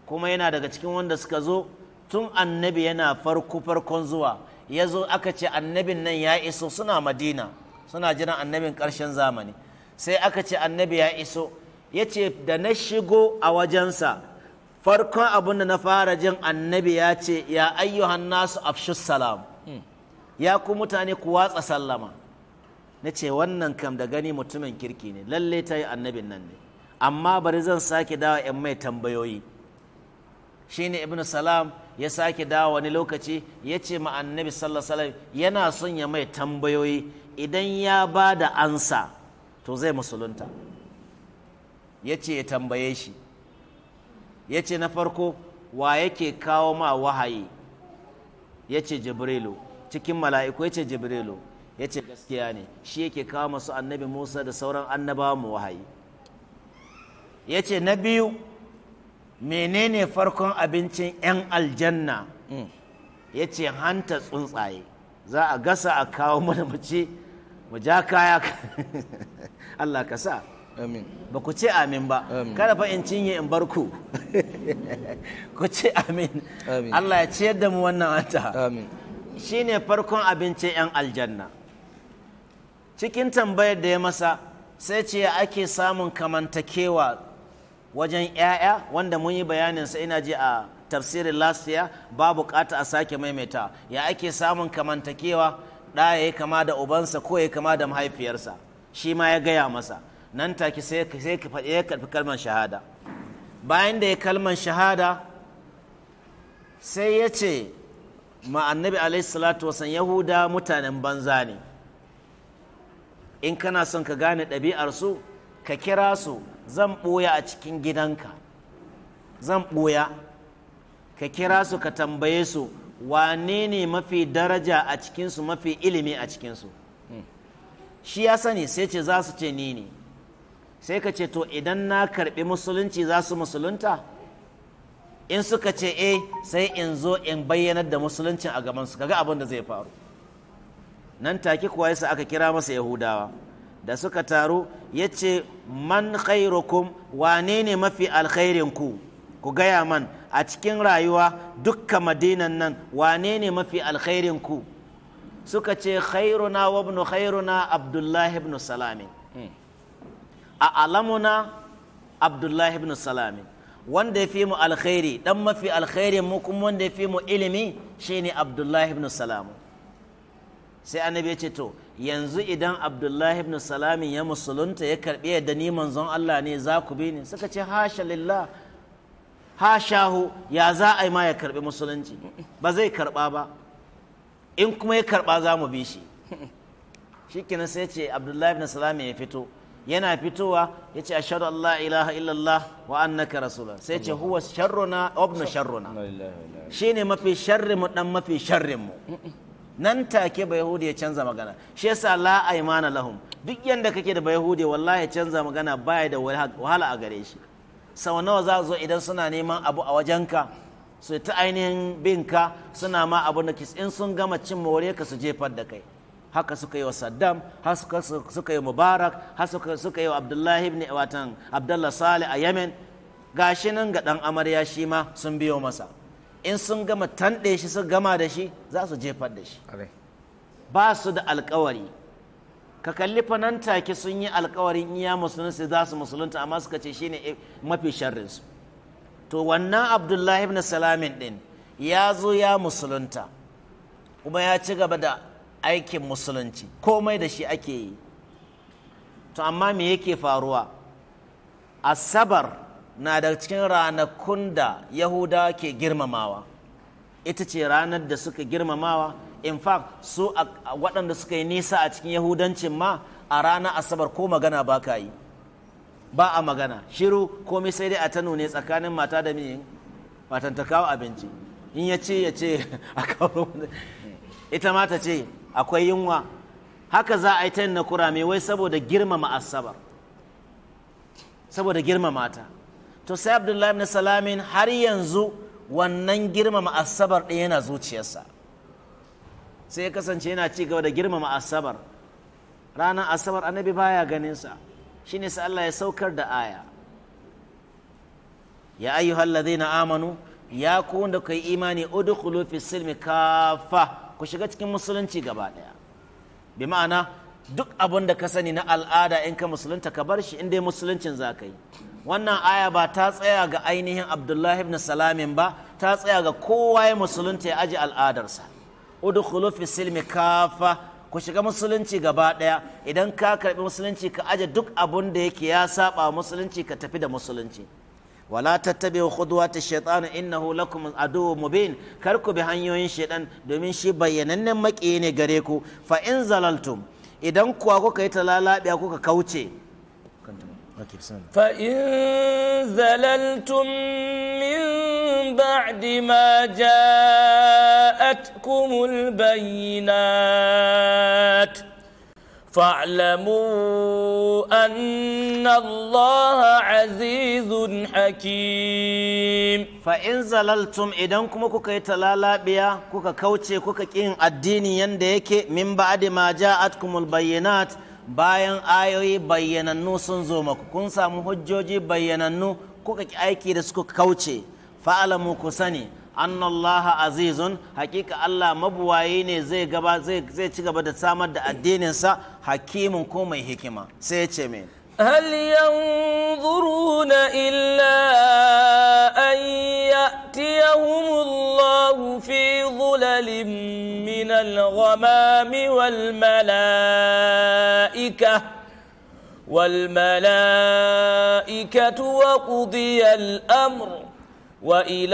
kuma yana daga cikin wanda suka zo tun annabi yana farko farkon zuwa ya zo aka ce annabin nan ya iso suna madina suna jiran annabin karshen zamani sai aka ce annabi ya iso ya ce da na shigo a wajensa farkon abin da na fara jin annabi ya ce ya ayyuhan nasu afshus salam hmm. ya ku mutane ku watsa sallama na ce wannan kam da gani mutumin kirki ne lalle ta yi annabin nan ne amma bari zan sake dawa yan mai tambayoyi shine ibn salam ya sake dawa wani lokaci ya ce ma annabi sallallahu yana son ya mai tambayoyi idan ya ba da ansa to zai musulunta ya ce ya tambaye shi ya ce na farko wa yake kawo ma wahayi ya ce jibrilu cikin mala'iku ya ce jibrilu ya ce gaskiya ne shi yake kawo masu annabi musa da sauran annabawa mu wahayi ya ce na biyu menene farkon abincin 'yan aljanna mm. ya ce hanta tsuntsaye za a gasa a kawo mana mace mu ja kaya Allah ka sa amin ba ku ce amin ba kada fa in cinye in bar ku ku ce amin Allah ya ciyar da mu wannan wata shine farkon abinci yan aljanna cikin tambayar da ya masa sai ce ake samun kamantakewa wajen 'ya'ya wanda mun yi bayanin sa ina ji a tafsirin last year ba bukata a sake maimaita ya ake samun kamantakewa ɗaya ya kama da ubansa ko ya kama da mahaifiyarsa shi ma ya gaya masa nan take sai ka faɗi ya karfi kalmar shahada bayan da ya kalmar shahada sai ya ce ma annabi alaihi salatu wasan yahuda mutanen banza ne in kana son ka gane ɗabi'arsu ka kira su zan ɓoya a cikin gidanka zan ɓoya ka kira su ka tambaye su wane ne mafi daraja a cikinsu mafi ilimi a cikinsu hmm. shi ya sani sai ce za su ce ni ne sai ka ce to idan na karɓi musulunci za su musulunta in suka ce eh sai in zo in bayyanar da musuluncin a gaban su kaga abin da zai faru nan take kuwa yasa aka kira masa yahudawa da suka taru ya ce man khairukum wane ne mafi alkhairin ku ku gaya man a cikin rayuwa dukka madinan nan wane ne mafi ku suka ce khairuna wa ibn khairuna abdullahi ibn salamin a alamuna abdullahi ibn salamin wanda ya fi mu alkhairi dan mafi alkhairi mu kuma wanda ya fi mu ilimi shine abdullahi ibn salamu sai annabi ya ce to yanzu idan abdullahi ibn salamin ya musulunta ya karbi yadda ni manzon Allah ne za ku bi ni suka ce hasha lillah hashahu ya za a yi ma ya karbi musulunci ba zai karba ba in kuma ya karba za mu bi shi shikenan sai ce abdullahi ibn salamin ya fito yana fitowa ya ce ashadu Allah ilaha illallah wa annaka rasulullah sai ce huwa sharruna obnu sharruna shi ne mafi sharrinmu dan mafi sharrinmu nan take ba yahudi ya canza magana shi yasa la aimana lahum duk yanda kake da ba yahudi wallahi ya canza magana baya da wahala a gare shi sau nawa za zo idan suna neman abu a wajenka su ta ainihin binka suna ma abu na in sun gama cin more ka su jefar da kai haka suka yi wa saddam haka suka yi mubarak haka suka yi wa abdullahi ibn watan abdullah salih a yemen gashi nan ga dan amarya shi ma sun biyo masa in sun gama tanɗe shi sun gama da shi za su jefar da shi ba su da alkawari ka kalli fa nan take sun yi alkawarin iya musulunci za su musulunta amma suka ce shine mafi sharrinsu to wannan abdullahi ibn salamin din ya zo ya musulunta kuma ya ci gaba da aikin musulunci komai da shi ake yi to amma me yake faruwa asabar na da cikin ranakun da yahudawa ke girmamawa ita ce ranar da suka girmamawa in fact su waɗanda suka yi nisa a cikin yahudancin ma a ranar asabar ko magana ba ka yi ba a magana shiru komai sai dai a ta nune tsakanin mata da miyin matan ta kawo abinci in ya ce ya ce a kawo ita ma ta ce akwai yunwa haka za a yi ta na kurame wai saboda girmama asabar saboda girmama ta to sai abdullahi na salamin har yanzu wannan girmama asabar ɗaya yana zuciyarsa sai ya kasance yana ci gaba da girmama asabar ranar asabar annabi baya ganin sa shine sai Allah ya saukar da aya ya ayyuhal na amanu ya ku wanda kai imani udkhulu fi silmi kafa ku shiga cikin musulunci gaba daya bi ma'ana duk abin da ka sani na al'ada in ka musulunta ka bar shi in musuluncin za ka yi wannan aya ba ta tsaya ga ainihin abdullahi ibn salamin ba ta tsaya ga kowa ya musulunta ya aji al'adarsa udkhulu fi silmi kafa ku shiga musulunci gaba daya idan ka karbi musulunci ka aje duk abun da yake ya saba musulunci ka tafi da musulunci wala tattabi'u khuduwati shaytan innahu lakum aduwwun mubin kar ku bi hanyoyin shaytan domin shi bayyanannen maƙiyi ne gare ku fa in zalaltum idan kuwa kuka yi talalabiya kuka kauce فإن زللتم من بعد ما جاءتكم البينات فاعلموا أن الله عزيز حكيم فإن زللتم إذن كما كوكا يتلالا بيا كوكا كوتشي كوكا كين الدين ينديك من بعد ما جاءتكم البينات bayan ayoyi bayyanannu sun zo maku kun samu hujjoji bayyanannu kuka aiki da suka kauce fa'alamu ku sani أن الله عزيز حقيقة الله مبوائين زي غبا زي زي تغبا تسامد الدين سا حكيم كوم حكيمة سيتي هل ينظرون إلا أن يأتيهم الله في ظلل من الغمام والملائكة والملائكة وقضي الأمر Wasu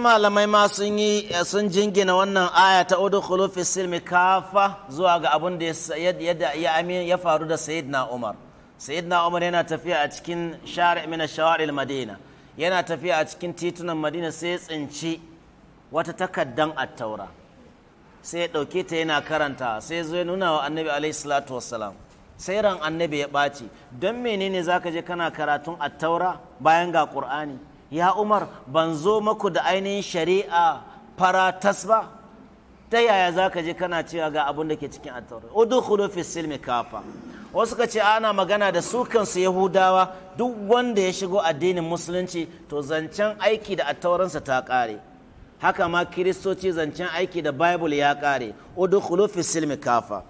malamai ma sun yi sun jingina wannan aya ta udu khulufi silmi kafa zuwa ga abin da ya ya faru da Sayyidina Umar. Sayyidina Umar yana tafiya a cikin share mina shawari madina yana tafiya a cikin titunan madina sai ya tsinci wata takaddan attaura sai ya ɗauke ta yana karanta sai ya zo ya nuna wa annabi alaihi salatu wassalam. sai ran annabi ya ɓaci don menene za ka je kana karatun attaura bayan ga ƙur'ani ya umar ban zo maku da ainihin shari'a faratas ba ta yaya za ka je kana cewa ga abin da ke cikin attaura udkhulu fi silmi kafa wasu ka ce ana magana da su kansu yahudawa duk wanda ya shigo addinin musulunci to zancen aiki da attauransa ta kare haka ma kiristoci zancen aiki da bible ya ƙare udu fi silmi kafa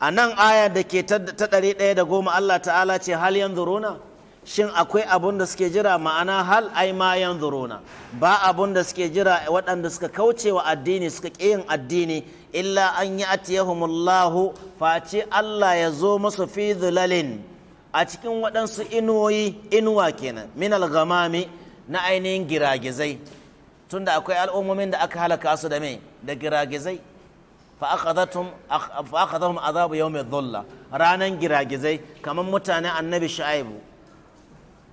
a nan aya da ke ta ɗari ɗaya da goma Allah ta'ala ce hal yanzuruna shin akwai abun da suke jira ma'ana hal ai ma yanzuruna ba abun da suke jira waɗanda suka kauce wa addini suka ƙi yin addini illa an yi atiyahumullahu face Allah ya zo musu fi zulalin a cikin waɗansu inuwoyi inuwa kenan min algamami na ainihin giragizai tunda akwai al'ummomin da aka halaka su da me da giragizai fa'akadahum azabu yau mai dhulla ranan giragizai kamar mutanen annabi sha'ibu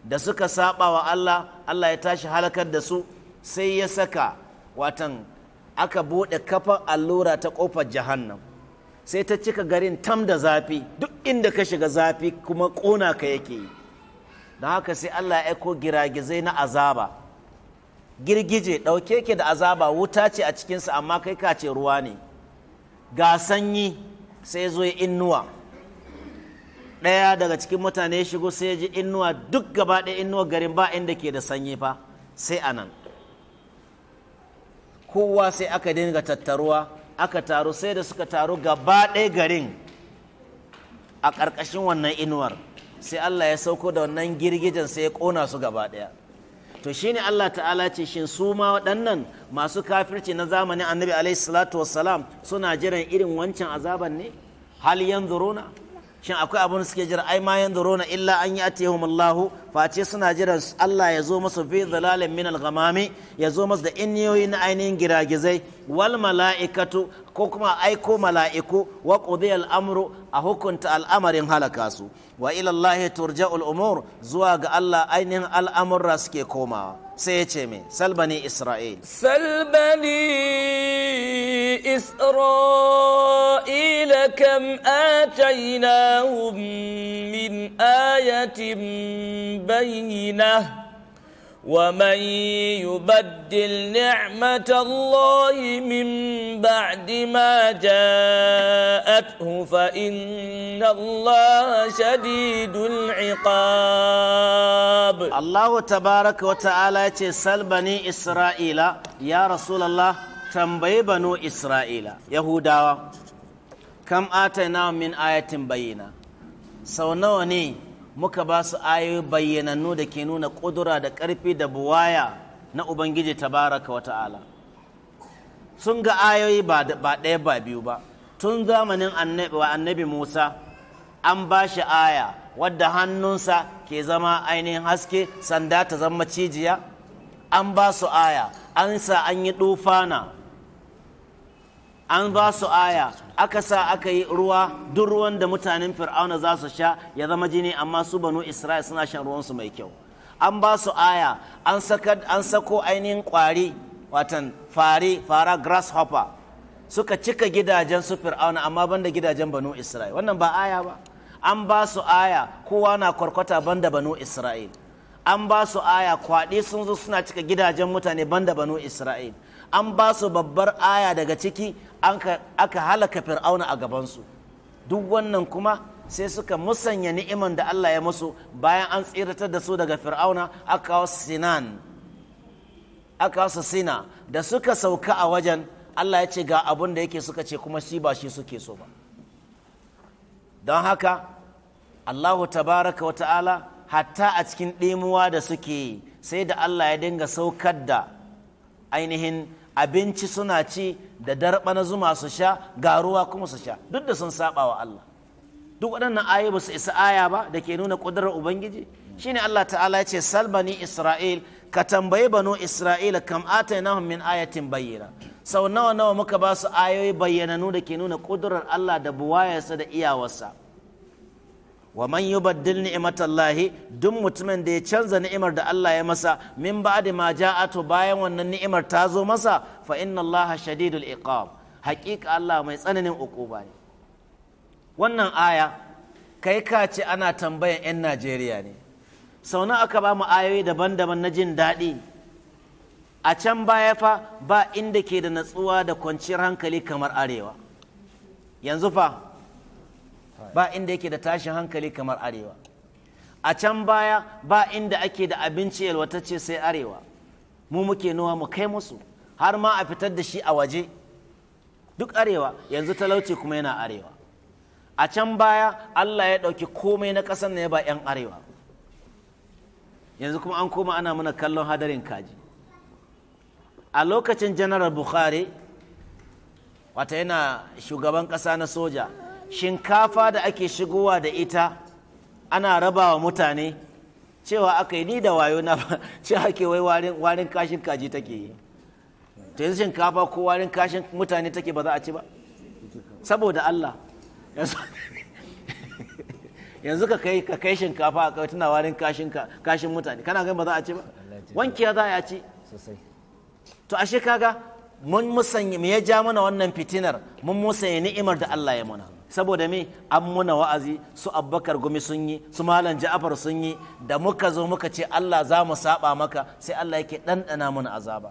da suka saba wa Allah Allah ya tashi halakar da su sai ya saka watan aka buɗe kafa allura ta ƙofar jahannam sai ta cika garin tam da zafi duk inda ka shiga zafi kuma ƙona ka yake yi don haka sai Allah ya aiko giragizai na azaba girgije ɗauke ke da azaba wuta ce a cikinsa amma kai ka ce ruwa ne ga sanyi sai zo ya inuwa ɗaya daga cikin mutane ya shigo sai ya ji innuwa duk gaba ɗaya innuwa garin ba inda ke da sanyi fa sai a nan kowa sai aka dinga tattaruwa aka taru sai da suka taru gaba ɗaya garin a ƙarƙashin wannan inuwar sai allah ya sauko da wannan girgijen sai ya ƙona su gaba ɗaya to shine Allah ta'ala ce shin su ma waɗannan masu kafirci na zamanin annabi alaihi salatu wassalam suna jiran irin wancan azaban ne hal yanzuruna shin akwai abin suke jira ai ma yanzuruna illa an yi atihum mullahu. face suna jiran Allah ya zo musu fi zalalin min gamami ya zo musu da inyoyi na ainihin giragizai wal mala'ikatu ko kuma aiko mala'iku wa qudiya amru a hukunta al'amarin halaka su wa ila Allah turja'ul umur zuwa ga Allah ainihin al'amurra suke komawa sai ya ce me salbani isra'il salbani isra'il kam atainahum min ayatin بينه ومن يبدل نعمة الله من بعد ما جاءته فإن الله شديد العقاب الله تبارك وتعالى سل بني إسرائيل يا رسول الله تنبي بنو إسرائيل يهودا كم آتيناهم من آية بينة سو نوني muka ba su ayoyi bayyanannu da ke nuna ƙudura da ƙarfi da buwaya na ubangiji tabaraka wa ala. sun ga ayoyi ba ɗaya ba biyu ba tun zamanin annabi musa an ba shi aya wadda hannunsa ke zama ainihin haske sanda ta zama cijiya an ba su aya an sa an yi ɗufana an ba su aya aka sa aka yi ruwa duk ruwan da mutanen fir'auna za su sha ya zama jini amma su banu isra'il suna shan ruwansu mai kyau an ba su aya an sako ainihin kwari watan fari fara grasshopper suka cika gidajen su fir'auna amma banda gidajen banu isra'il wannan ba aya ba an ba su aya kowa na kwarkwata banda banu isra'il an ba su aya kwaɗi sun zo suna cika gidajen mutane banda banu isra'il an ba su babbar aya daga ciki aka halaka fir'auna a gabansu duk wannan kuma sai suka musanya ni'iman da Allah ya musu bayan an tsiratar da su daga fir'auna aka sinan wasu sina da suka sauka a wajen Allah ya ce ga abin da yake suka ce kuma shi ba shi suke so ba don haka Allahu tabaraka wa ta'ala hatta a cikin ɗimuwa da suke sai da Allah ya dinga saukar da ainihin abinci suna ci da darɓa na zuma su sha ga ruwa kuma su sha duk da sun saba wa Allah duk waɗannan aya ba su isa aya ba da ke nuna ƙudurar ubangiji shine Allah ta'ala ya ce salbani isra'il ka tambayi banu isra'ila kam na min ayatin bayyana sau nawa nawa muka ba su ayoyi bayyananu da ke nuna ƙudurar Allah da buwayarsa da iyawarsa wa man yubaddil ni'matallahi duk mutumin da ya canza ni'imar da Allah ya masa min ba'di ma ja'atu bayan wannan ni'imar ta zo masa fa inna Allaha shadidul iqab haƙiƙa Allah mai tsananin uquba ne wannan aya kai ka ce ana tambayan 'yan Najeriya ne sau na aka ba mu ayoyi daban-daban na jin daɗi a can baya fa ba inda ke da natsuwa da kwanciyar hankali kamar arewa yanzu fa ba inda yake da tashin hankali kamar arewa a can baya ba inda ake da abinci yalwatacce sai arewa mu muke nowa mu kai musu har ma a fitar da shi a waje duk arewa yanzu talauci kuma yana arewa a can baya allah ya ɗauki komai na ƙasar ne ba 'yan arewa yanzu kuma an koma ana mana kallon hadarin kaji a lokacin janaral bukhari wata yana shugaban ƙasa na soja shinkafa da ake shigowa da ita ana rabawa mutane cewa aka yi ni da wayo na ce ake wai warin kashin kaji take yi to yanzu shinkafa ko warin kashin mutane take ba za a ci ba saboda Allah yanzu ka kai ka kai shinkafa a tana warin kashin kashin mutane kana ganin ba za a ci ba wankiya za a ci to ashe kaga mun musanya me ya ja mana wannan fitinar mun musanya ni'imar da Allah ya mana saboda me an muna wa'azi su Abubakar gumi sun yi su malam ja'afar sun yi da muka zo muka ce Allah za mu saba maka sai Allah yake ɗanɗana mana azaba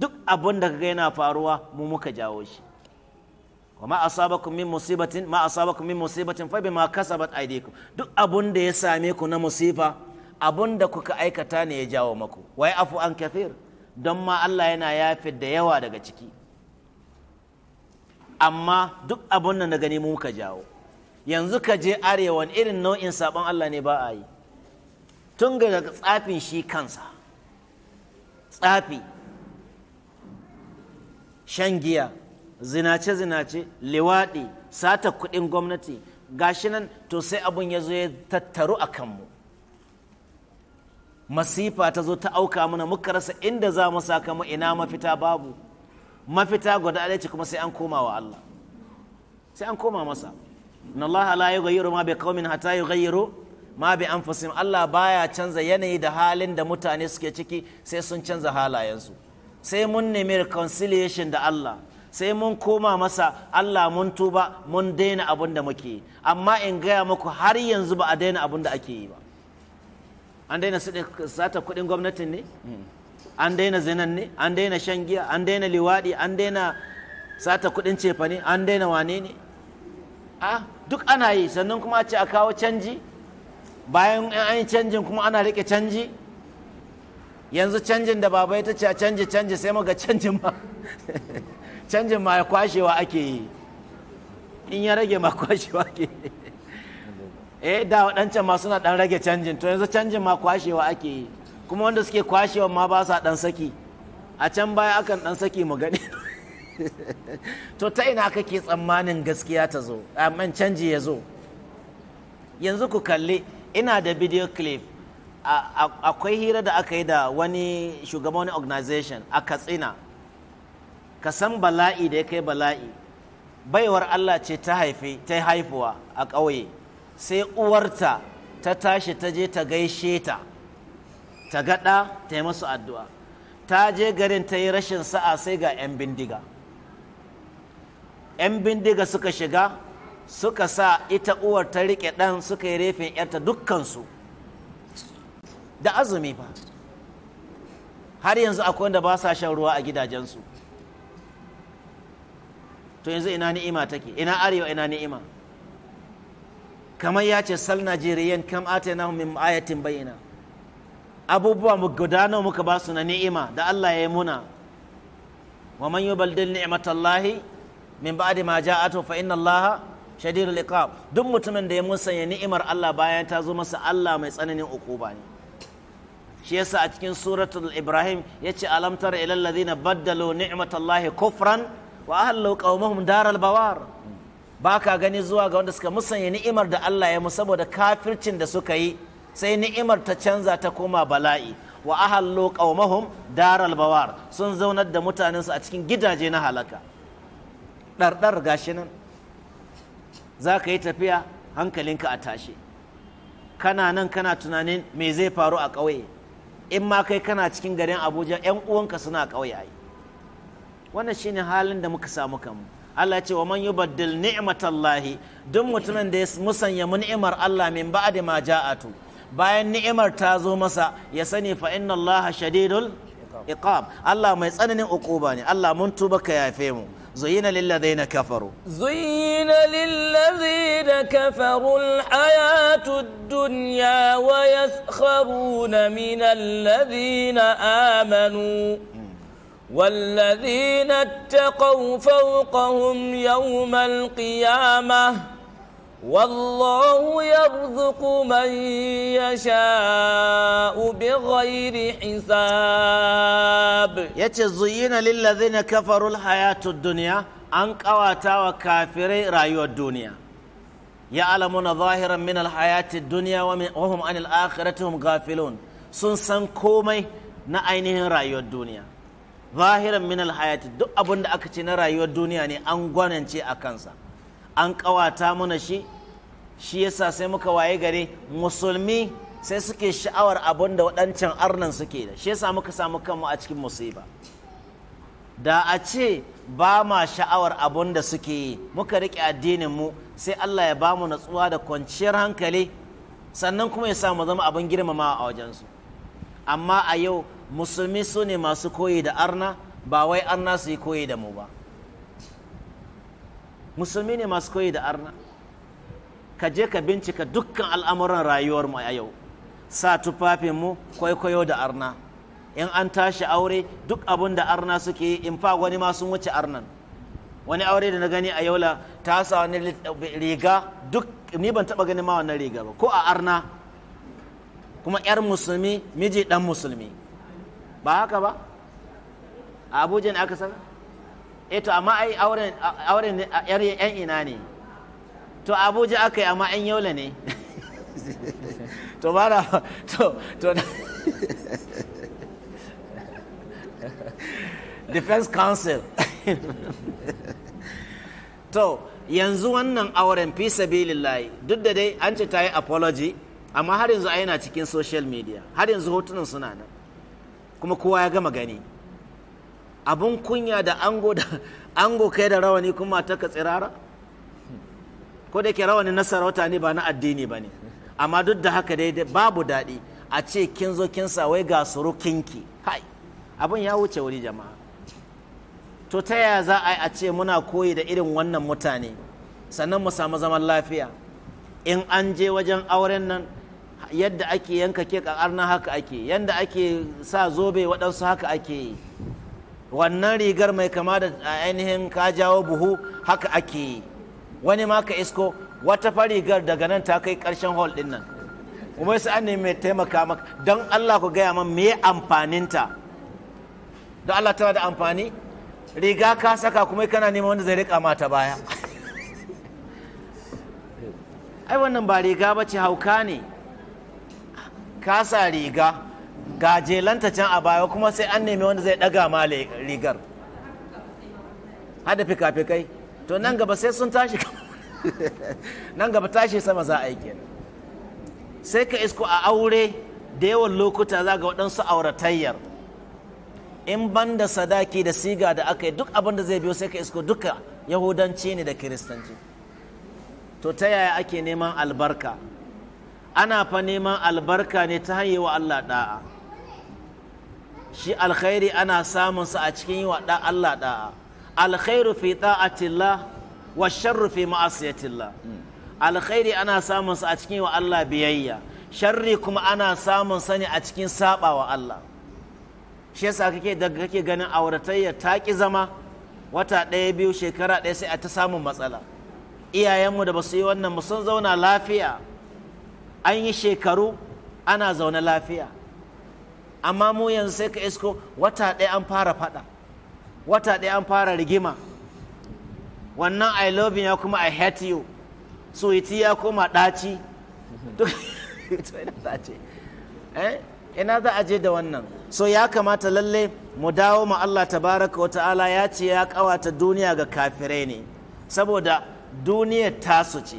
duk abin da kaga yana faruwa mu muka jawo shi wa ma asabakum min musibatin ma asabakum min musibatin fa bima kasabat aydikum duk abin da ya same ku na musifa abin da kuka aikata ne ya jawo maku wai afu an kafir don ma Allah yana yafi da yawa daga ciki amma duk abin da na gani mu ka jawo yanzu ka je arewa irin nau'in sabon Allah ne ba a yi tun ga tsafin shi kansa tsafi shan giya zinace-zinace liwaɗi sata kuɗin gwamnati gashi nan to sai abun ya zo ya tattaru a kanmu masifa ta zo ta auka mana muka rasa inda za mu saka mu ina mafita babu mafita guda ɗaya ce kuma sai an koma wa Allah sai an koma masa na Allah la yughayyiru ma min hata yi yughayyiru ma bi anfusihim Allah baya canza yanayi da halin da mutane suke ciki sai sun canza halayensu sai mun nemi reconciliation da Allah sai mun koma masa Allah mun tuba mun daina abin da muke yi amma in gaya muku har yanzu ba a daina abin da ake yi ba an daina su sata kuɗin gwamnatin ne hmm. an daina zinan ne an daina shan giya an daina liwaɗi an daina sata kuɗin cefa ne an daina wane ne a duk ana yi sannan kuma a ce a kawo canji bayan an yi canjin kuma ana riƙe canji yanzu canjin da baba ya ce a canji canji sai maga canjin ma canjin ma ya kwashewa ake yi in ya rage ma kwashewa ake yi eh da waɗancan ma suna ɗan rage canjin to yanzu canjin ma kwashewa ake yi kuma wanda suke kwashewa ma ba sa dan saki a can baya akan dan saki mu gani to ta ina kake tsammanin gaskiya ta zo amman canji ya zo yanzu ku kalli ina da video clip akwai hira da aka yi da wani shugaban organization a katsina ka san bala'i da ya kai bala'i baiwar allah ce ta haifi ta haifuwa a ƙauye sai uwarta ta tashi ta je ta gaishe ta ta gaɗa ta yi masu addu'a ta je garin ta yi rashin sa'a sai ga 'yan bindiga 'yan bindiga suka shiga suka sa ita uwar ta riƙe ɗan suka yi refin 'yarta dukkansu da azumi ba har yanzu akwai wanda ba sa shan ruwa a gidajensu to yanzu ina ni'ima take ina arewa ina ni'ima kamar ya ce sal najeriyan kam atana min ayatin bayyana abubuwa mu gudana muka ba su na ni'ima da Allah ya yi muna wa man yubaldil ni'matallahi min ba'di ma ja'atu fa inna Allah shadidul iqab duk mutumin da ya musanya ni'imar Allah bayan ta zo masa Allah mai tsananin ukuba ne shi yasa a cikin suratul ibrahim yace alam alamtar ilal ladina baddalu ni'matallahi kufran wa ahallu qaumahum daral bawar baka gani zuwa ga wanda suka musanya ni'imar da Allah ya mu saboda kafircin da suka yi sai ni'imar ta canza ta koma bala'i wa ahallo qaumahum daral bawar sun zaunar da mutanensu a cikin gidaje na halaka ɗarɗar gashi nan za ka yi tafiya hankalinka a tashe kana nan kana tunanin me zai faru a ƙauye in ma kai kana cikin garin abuja 'yan uwanka suna ƙauye ai wannan shine halin da muka samu kanmu Allah ce wa man yubaddil ni'matallahi duk mutumin da ya musanya ni'imar Allah min ba'di ma ja'atu bayan ni'imar ta zo masa ya sani fa inna allaha shadidul iqab Allah mai tsananin uquba ne Allah mun tuba ka yafe mu zuyina lil ladina kafaru zuyina lil ladina kafaru al hayatud dunya wa yaskharuna min alladhina amanu والذين اتقوا فوقهم يوم القيامه والله يرزق من يشاء بغير حساب يتي زينا للذين كفروا الحياة الدنيا أن قواتا وكافري رأيوا الدنيا يعلمون ظاهرا من الحياة الدنيا وهم عن الآخرة هم غافلون سنسن كومي نأينهم رأيوا الدنيا ظاهرا من الحياة دو أبن أكتنا رأيوا الدنيا أن غننشي أكنسا an ƙawata mana shi shi yasa sai muka waye gare musulmi sai suke sha'awar abin da waɗancan arnan suke da shi yasa muka samu kanmu a cikin musiba da a ce ba ma sha'awar abun da suke yi muka riƙe addinin mu sai Allah ya bamu natsuwa da kwanciyar hankali sannan kuma ya sa samu zama abin girmama a wajensu amma a yau musulmi su ne masu koyi da arna ba wai arna su yi koyi da mu ba musulmi ne masu koyi da arna ka je ka bincika dukkan al'amuran rayuwar rayuwarmu a yau sa tufafinmu kwaikwayo da arna in an tashi aure duk abin da arna suke yi in fa wani ma wuce arnan wani aure da na gani a yaula ta sa wani riga duk ni ban taba ganin ma wannan riga ba ko a arna kuma yar musulmi miji dan musulmi ba haka ba a abuja ne aka saka e to amma ai auren auren yar yan ina ne to Abuja aka yi amma yan yola ne to ba to to defense council to yanzu wannan auren fi sabilillahi duk da dai an ce ta apology amma har yanzu ai na cikin social media har yanzu hotunan suna nan kuma kowa ya gama gani abun kunya da ango da ango kai da rawani kuma ta ka tsirara ko da ke rawani na sarauta ne ba na addini ba ne amma duk da haka dai babu daɗi a ce kin zo kin sa wai ga surukinki kai abin ya wuce wuri jama'a to ta yaya za a yi a ce muna koyi da irin wannan mutane sannan mu samu zaman lafiya in an je wajen auren nan yadda ake yanka ke ƙarna haka ake yadda ake sa zobe waɗansu haka ake yi wannan rigar mai kama da ainihin ka jawo buhu haka ake yi wani ma ka isko wata farigar daga nan ta kai karshen hall din nan kuma sai an nemi taimaka maka don Allah ku gaya man me amfaninta don Allah tana da amfani riga ka saka kuma kana neman wanda zai rika mata baya ai wannan ba riga ba ce hauka ne ka sa riga ga can a baya kuma sai an nemi wanda zai daga ma rigar hada fika to nan gaba sai sun tashi nan gaba tashi sama za a yi kenan sai ka isko a aure da yawan lokuta za ga waɗansu auratayyar in ban da sadaki da siga da aka yi duk abin da zai biyo sai ka isko duka yahudanci ne da kiristanci to ta yaya ake neman albarka ana fa neman albarka ne ta hanyar wa allah da'a shi alkhairi ana samunsa a cikin yi wa Allah da'a alkhairu fi ta'atillah wa sharru fi ma'asiyatillah alkhairi ana samunsa a cikin yi wa Allah biyayya sharri kuma ana samun sani a cikin saba wa Allah shi yasa kake daga kake ganin auratayya ta ki zama wata ɗaya biyu shekara ɗaya sai a ta samun matsala iyayenmu da ba su yi wannan mu sun zauna lafiya an yi shekaru ana zaune lafiya amma mu yanzu sai ka isko wata ɗaya an fara faɗa wata ɗaya an fara rigima wannan i love you ya kuma i hate you iti ya koma ɗaci eh? ina za a je da wannan so ya kamata lalle mu dawo ma Allah tabaraka wa ta'ala ya ce ya kawata duniya ga kafirai ne saboda duniya tasu ce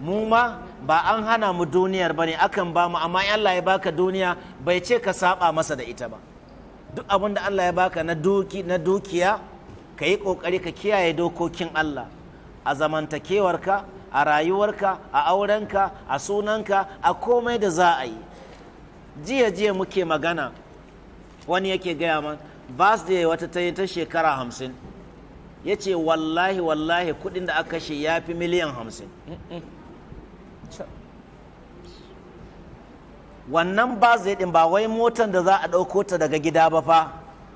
mu ma ba an hana mu duniyar ba ne akan ba mu amma in Allah ya baka duniya bai ce ka saba masa da ita ba duk abin da Allah ya baka na duki na dukiya ka yi kokari ka kiyaye dokokin Allah a zamantakewarka a rayuwarka a aurenka a sunanka a komai da za a yi jiya jiya muke magana wani yake gaya man birthday wata ta ta shekara hamsin ya ce wallahi wallahi kudin da aka kashe ya fi miliyan hamsin wannan ba zai din ba wai motan da za a ɗauko ta daga gida ba fa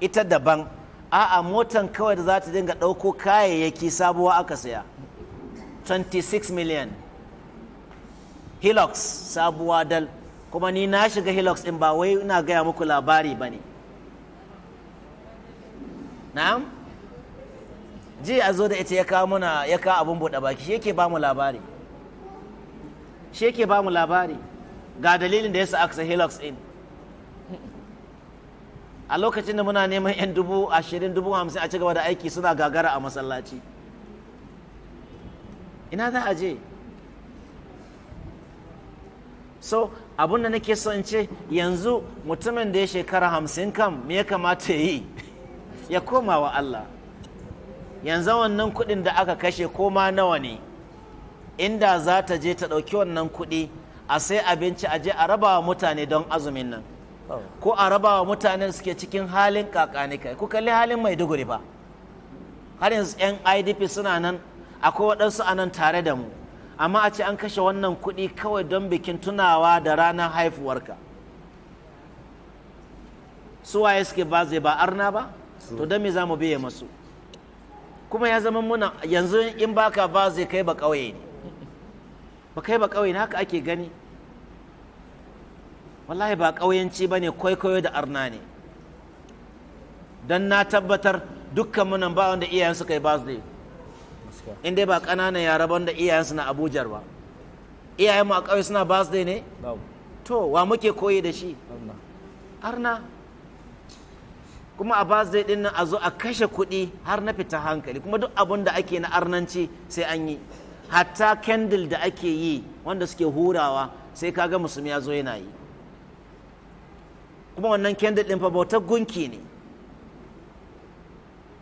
ita daban a'a motan kawai da za ta dinga ɗauko kayayyaki sabuwa aka saya 26 million hilux sabuwa dal kuma ni na shiga hilux din ba wai ina gaya muku labari ba ne na'am ji a zo da ita ya kawo muna ya abin buɗe baki shi yake ba mu labari shi yake ba mu labari ga dalilin da ya sa aka helix in a lokacin da muna neman 'yan dubu ashirin dubu hamsin a cigaba da aiki suna gagara a masallaci ina za a je so abun da nake son in ce yanzu mutumin da ya shekara hamsin kam me ya kamata ya yi ya koma wa Allah yanzu wannan kuɗin da aka kashe koma nawa ne inda za ta je ta ɗauki wannan kuɗi a sai abinci a je a rabawa wa mutane don azumin nan ko a raba wa mutanen suke cikin halin kakanika ku kalli halin maiduguri ba har yanzu yan idp suna nan akwai waɗansu a nan tare da mu amma a ce an kashe wannan kuɗi kawai don bikin tunawa da ranar haifuwarka su waye suke ba zai ba arna ba to don me za mu biye masu kuma ya zama muna yanzu in baka ba zai kai ba ƙauye ne ba kai ba ƙauye haka ake gani wallahi ba ƙauyenci ba ne kwaikwayo da arna ne don na tabbatar dukkan munan ba wanda iyayen suka yi birthday in dai ba ƙananan yara ba wanda iyayensu na abujar ba iyayenmu a ƙauye suna birthday ne to wa muke koyi da shi arna kuma a birthday din nan a zo a kashe kuɗi har na fita hankali kuma duk abin da ake na arnanci sai an yi hatta kendil da ake yi wanda suke hurawa sai kaga musulmi ya zo yana yi kuma wannan kendil ɗin fa bautar gunki ne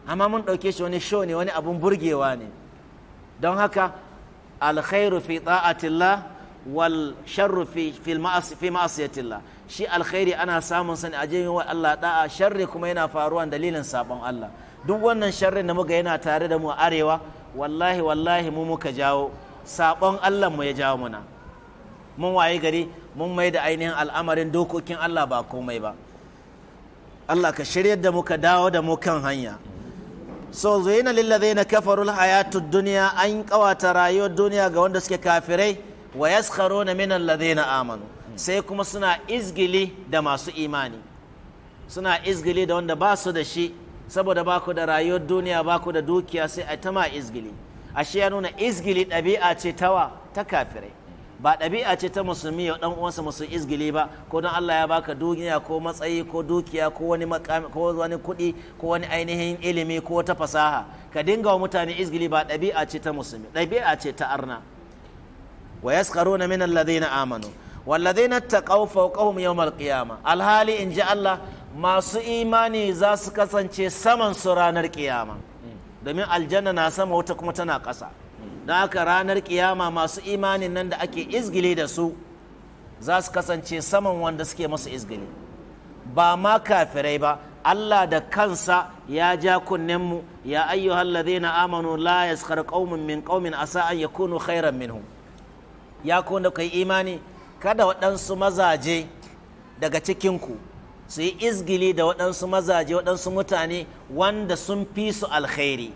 amma mun ɗauke shi wani show ne wani abun burgewa ne don haka alkhairu fi ta'atillah wal sharru fi fi ma'asiyatillah shi alkhairi ana samun sani a jami'a Allah da'a sharri kuma yana faruwa dalilin sabon Allah duk wannan sharrin da muga yana tare da mu arewa wallahi wallahi mu muka jawo sabon Allah mu ya jawo muna mun waye gari mun mai da ainihin al'amarin dokokin Allah ba komai ba Allah ka shiryar da muka dawo da mu kan hanya so zuyina na kafaru hayatu dunya an kawata rayuwar duniya ga wanda suke kafirai wa yaskharuna min na amanu sai kuma suna izgili da masu imani suna izgili da wanda ba su da shi saboda ba ku da rayuwar duniya ba ku da dukiya sai a ma izgili ashe ya nuna izgili ɗabi'a ce tawa ta kafirai ba ɗabi'a ce ta musulmi ya ɗan uwansa musu izgili ba ko don Allah ya baka duniya ko matsayi ko dukiya ko wani makami ko wani kuɗi ko wani ainihin ilimi ko ta fasaha ka dinga wa mutane izgili ba ɗabi'a ce ta musulmi ɗabi'a ce ta arna wa yaskaruna min alladhina amanu والذين taqaw fawqahum يوم القيامة Alhali in ji Allah. masu imani za su kasance saman su ranar kiyama domin aljanna na sama wata kuma tana ƙasa da aka ranar kiyama masu imanin nan da ake izgili da su za su kasance saman wanda suke masu izgili ba ma kafirai ba Allah da kansa ya ja mu ya ayyuhal na amanu la yaskhar qaumun min qaumin asa an yakunu khairan minhum ya ku da kai imani kada waɗansu mazaje daga cikinku ku su yi izgili da waɗansu mazaje waɗansu mutane wanda sun fi su alkhairi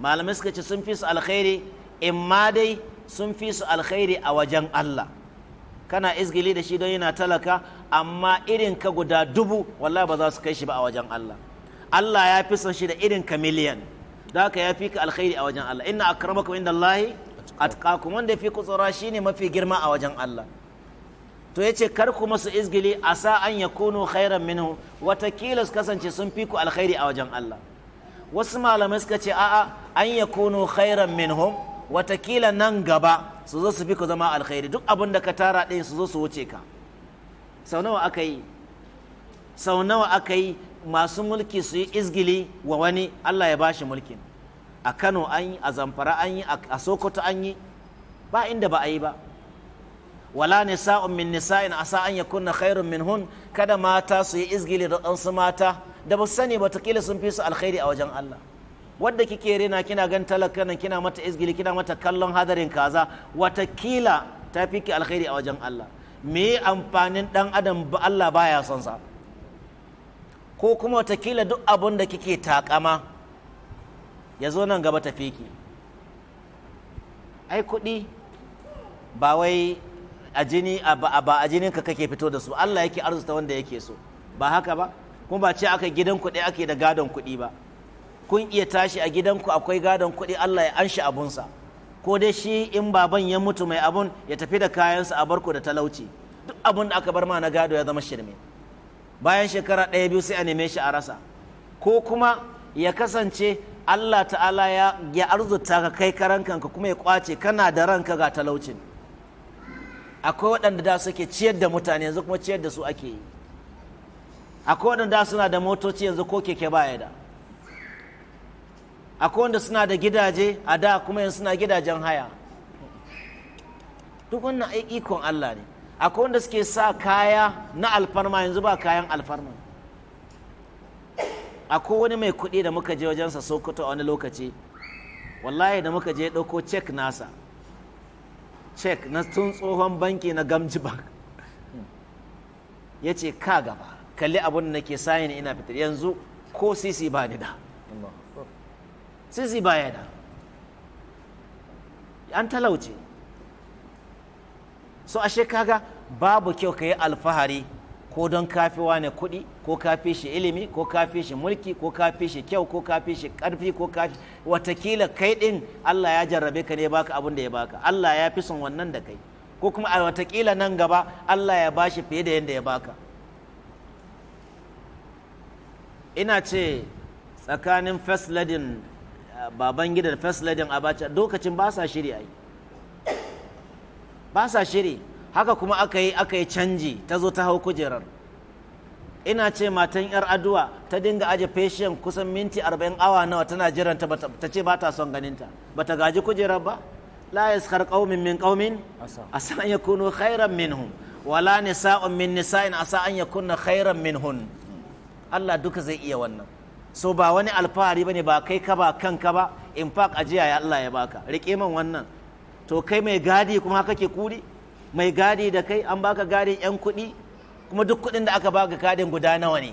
malamai suka ce sun fi su alkhairi in ma dai sun fi su alkhairi a wajen Allah kana izgili da shi don yana talaka amma irin ka guda dubu wallahi ba za su kai shi ba a wajen Allah Allah ya fi son shi da irin ka miliyan da haka ya fi ka alkhairi a wajen Allah inna akramakum inda Allahi atqakum wanda fi kutsura shine mafi girma a wajen Allah to yace kar ku masu izgili a sa an ya yakunu khairan minhu watakila su kasance sun fi ku alkhairi a wajen Allah wasu malamai suka ce a'a an ya yakunu khairan minhum watakila nan gaba su zo su fi ku zama alkhairi duk abin da ka tara ɗin su zo su wuce ka sau nawa aka yi sau nawa aka yi masu mulki su yi izgili wa wani Allah ya bashi mulkin a Kano an yi a Zamfara an yi a Sokoto an yi ba inda ba a yi ba wala nisa'un min nisa'in asa an yakunna khairun minhun kada mata su yi izgili da ɗansu mata da ba sani ba takila sun fi su alkhairi a wajen Allah wadda kike rena kina gan talakan kina mata izgili kina mata kallon hadarin kaza watakila ta fi ki alkhairi a wajen Allah me amfanin dan adam ba Allah baya son sa ko kuma watakila duk abun da kike takama ya zo nan gaba ta fi ki ai kuɗi ba wai a jini ba a jinin ka kake fito da su Allah yake arzuta wanda yake so ba haka ba kuma ba ce aka gidan kuɗi ake da gadon kuɗi ba kun iya tashi a gidan ku akwai gadon kuɗi Allah ya anshi abunsa ko dai shi in baban ya mutu mai abun ya tafi da kayansa a barku da talauci duk abun da aka bar ma na gado ya zama shirme bayan shekara ɗaya biyu sai a neme shi a rasa ko kuma ya kasance Allah ta'ala ya arzuta ka kai karankanka kuma ya kwace kana da ranka ga talaucin akwai waɗanda da suke ciyar da mutane yanzu kuma ciyar da su ake yi akwai waɗanda suna da motoci yanzu ko keke baya da akwai wanda suna da gidaje a da kuma yanzu suna gidajen haya duk wannan ikon Allah ne akwai wanda suke sa kaya na alfarma yanzu ba kayan alfarma akwai wani mai kuɗi da muka je wajensa sokoto a wani lokaci wallahi da muka je ɗauko cek nasa cek na tun tsohon banki na gamji bank ya ce ka gaba kalli abin da nake sayin ina fitar yanzu ko sisi ba ni da sisi ba ya da an talauce so ashe kaga babu kyau ka yi alfahari ko don kafiwa ne kuɗi ko kafi shi ilimi ko kafi shi mulki ko kafi shi kyau ko kafi shi ƙarfi ko kafi watakila kai ɗin Allah ya jarrabe ka ne baka abin da ya baka Allah ya fi son wannan da kai ko kuma a watakila nan gaba Allah ya ba shi fiye da yadda ya baka ina ce tsakanin first ladin baban gidan first ladin abacha lokacin ba sa shiri ai ba sa shiri haka kuma aka yi aka yi canji ta zo ta hau kujerar ina ce matan yar aduwa ta dinga aje fashion kusan minti arba'in awa nawa tana jiran ta ta ce ba ta son ganin ta ba ta gaji kujerar ba la yaskar qaumin min qaumin asa an yakunu khairan minhum wala nisa'un min nisa'in asa an yakunna khairan minhun Allah duka zai iya wannan so ba wani alfahari bane ba kai ka ba kanka ba in fact ajiya ya Allah ya baka rike man wannan to kai mai gadi kuma kake kuri mai gadi da kai an baka gadin 'yan kuɗi kuma duk kuɗin da aka baka gadin guda nawa ne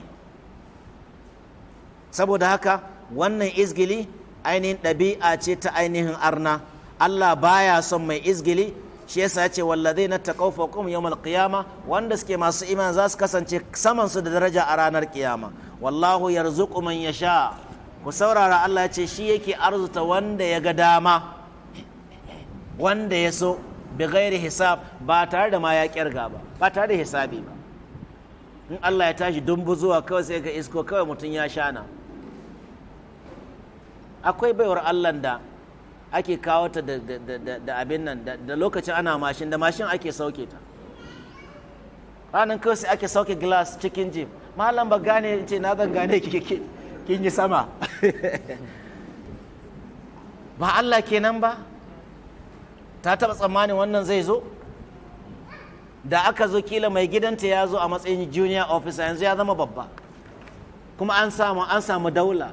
saboda haka wannan izgili ainihin ɗabi'a ce ta ainihin arna allah baya son mai izgili shi yasa ce wallazai na taƙaufa kuma yawmal qiyama wanda suke masu iman za su kasance saman su da daraja a ranar kiyama wallahu yarzuqu man sha. ku saurara Allah ce shi yake arzuta wanda ya ga dama wanda ya so bi gairi hisab ba tare da ma ya kirga ba ba tare da hisabi ba in Allah ya tashi dumbu zuwa kawai sai ka isko kawai mutum ya shana akwai baiwar Allah da ake kawo ta da abin nan da lokacin ana mashin da mashin ake sauke ta ranar kawai sai ake sauke glass cikin jim malam ba gane ce na zan gane kin yi sama ba Allah kenan ba ta taɓa tsammanin wannan zai zo da aka zo kila mai gidanta ya zo a matsayin junior officer yanzu ya zama babba kuma an samu an samu daula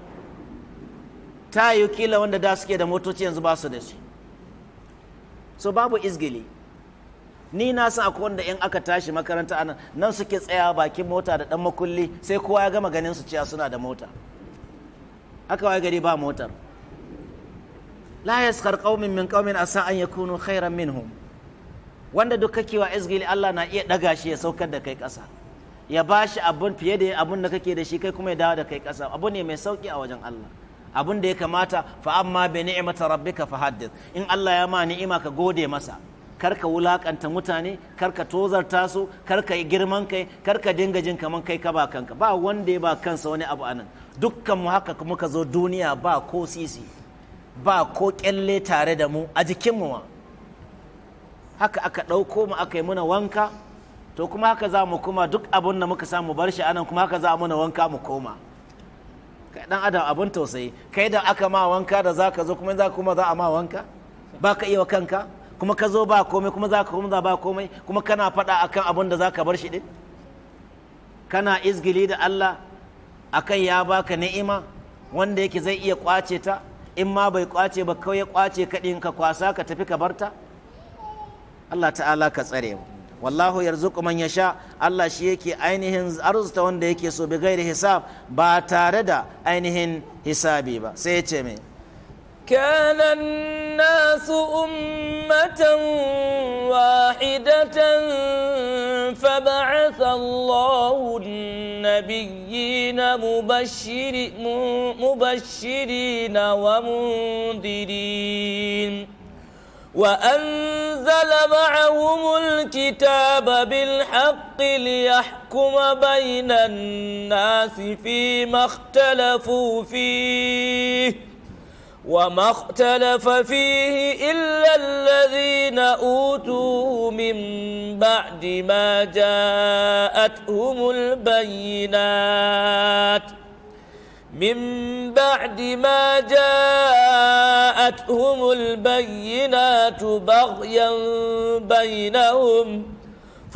ta yi kila wanda da suke da motoci yanzu ba su da shi so babu izgili ni na san akwai wanda in aka tashi makaranta anan nan suke tsaya bakin mota da dan makulli sai kowa ya gama ganin su cewa suna da mota aka waye gari ba motar la yaskhar qaumin min qaumin asa an yakunu khairan minhum wanda duk kake wa izgili Allah na iya daga shi ya saukar da kai kasa ya ba shi abun fiye da abun da kake da shi kai kuma ya dawo da kai kasa abu ne mai sauki a wajen Allah abun da ya kamata fa amma bi ni'mati rabbika fahaddith in Allah ya ma ni'ima ka gode masa karka wulakanta mutane karka tozarta su karka girman kai karka dinga jin kaman kai ka ba kanka ba wanda ya ba kansa wani abu anan dukkan mu haka muka zo duniya ba ko sisi ba ko kyalle tare da mu a jikinmu ma haka aka ɗauko mu aka yi muna wanka to kuma haka za mu kuma duk abin da muka samu bar shi anan kuma haka za muna wanka mu koma kai dan adam abin tausayi kai da aka ma wanka da zaka zo kuma za kuma za a ma wanka ba ka iya kanka kuma ka zo ba komai kuma za ka kuma ba komai kuma kana faɗa akan abin da za ka bar shi din kana izgili da Allah akan ya baka ni'ima wanda yake zai iya kwace ta in ma bai kwace ba kawai ya kwace kaɗin ka kwasa ka tafi ka barta Allah ta'ala ka tsare mu wallahu yarzuqu man yasha Allah shi yake ainihin arzuta wanda yake so bi gairi hisab ba tare da ainihin hisabi ba sai ya ce mai كان الناس أمة واحدة فبعث الله النبيين مبشر مبشرين ومنذرين وأنزل معهم الكتاب بالحق ليحكم بين الناس فيما اختلفوا فيه وما اختلف فيه إلا الذين أوتوه من بعد ما جاءتهم البينات من بعد ما جاءتهم البينات بغيا بينهم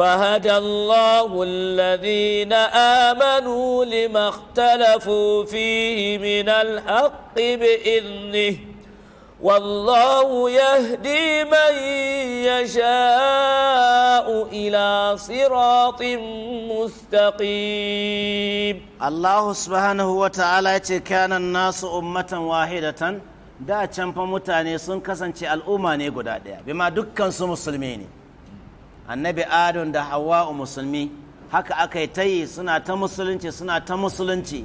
فهدى الله الذين آمنوا لما اختلفوا فيه من الحق بإذنه والله يهدي من يشاء إلى صراط مستقيم الله سبحانه وتعالى كان الناس أمة واحدة دا can fa mutane sun kasance al'umma بما guda ɗaya bima annabi adon da hawa'u musulmi haka aka yi tayi suna ta musulunci suna ta musulunci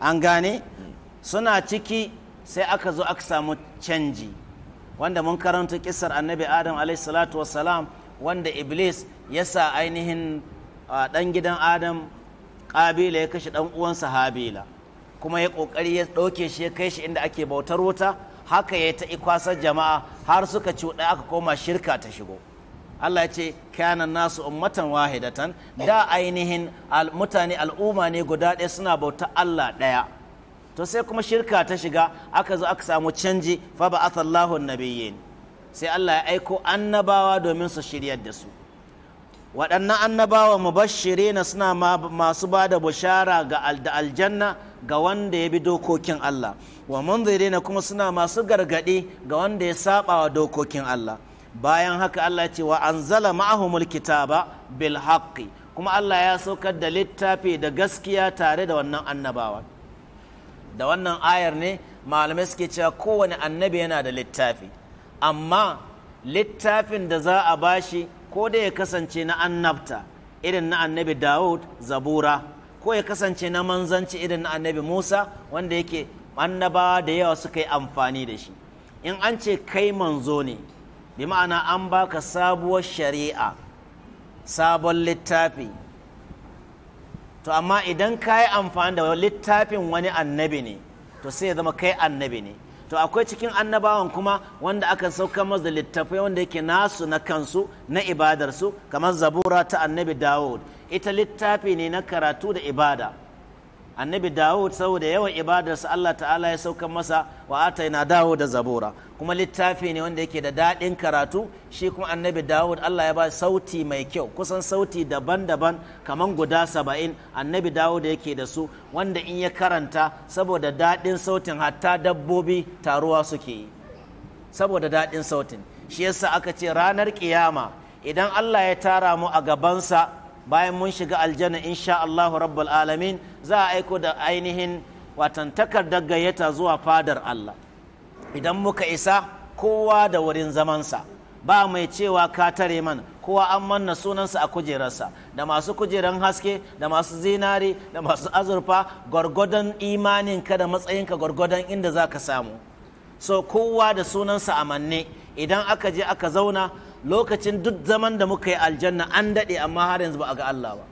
an gane suna ciki sai aka zo aka samu canji wanda mun karanta kisar annabi adam salatu wasalam wanda iblis ya sa ainihin dan gidan adam ƙabila ya kashe dan uwansa habila kuma ya kokari ya ɗauke shi ya kai shi inda ake bautar wuta haka ya ta ikwasar jama'a har suka cuɗa aka koma shirka ta shigo Allah ya ce kana nasu ummatan wahidatan da ainihin mutane al'umma ne guda ɗaya suna bauta Allah ɗaya to sai kuma shirka ta shiga aka zo aka samu canji fa ba athallahu nabiyyin sai Allah ya aiko annabawa domin su shiryar da su waɗannan annabawa mubashirina suna masu ba da bushara ga aljanna ga wanda ya bi dokokin Allah wa munzirina kuma suna masu gargaɗi ga wanda ya saba wa dokokin Allah bayan haka Allah ce wa anzala ma'ahumul kitaba bil haqqi kuma Allah ya saukar da littafi da gaskiya tare da wannan annabawa da wannan ayar ne malamai suke cewa kowane annabi yana da littafi amma littafin da za a bashi ko da ya kasance na annabta irin na annabi Dawud zabura ko ya kasance na manzanci irin na annabi Musa wanda yake annabawa da yawa suka yi amfani da shi in an ce kai manzo ne bi ma'ana an baka sabuwar shari'a sabon littafi to amma idan ka yi amfani da littafin wani annabi ne to sai ya zama kai annabi ne to akwai cikin annabawan kuma wanda aka sauka masa da littafai wanda yake nasu na kansu na ibadarsu kamar zabura ta annabi dawud ita littafi ne na karatu da ibada annabi dawud saboda yawan ibadarsa allah ta'ala ya sauka masa wa ataina dawo da zabura kuma littafi ne wanda yake da daɗin karatu shi kuma annabi dawud allah ya ba sauti mai kyau kusan sauti daban-daban kaman guda saba'in annabi dawud yake da su wanda in ya karanta saboda daɗin sautin hatta dabbobi taruwa suke yi saboda daɗin sautin shi yasa aka ce ranar kiyama idan allah ya tara mu a gabansa bayan mun shiga aljanna insha Allahu rabbul alamin za a aiko da ainihin watan takardar gayyata zuwa fadar Allah idan muka isa kowa da wurin zamansa ba mai cewa ka tare mana kowa an manna sunansa a kujerarsa da masu kujeran haske da masu zinari da masu azurfa gwargwadon imaninka da matsayinka gwargwadon inda za ka samu so kowa da sunansa a manne idan aka je aka zauna lokacin duk zaman da muka yi aljanna an daɗe amma har yanzu ba a ga Allah ba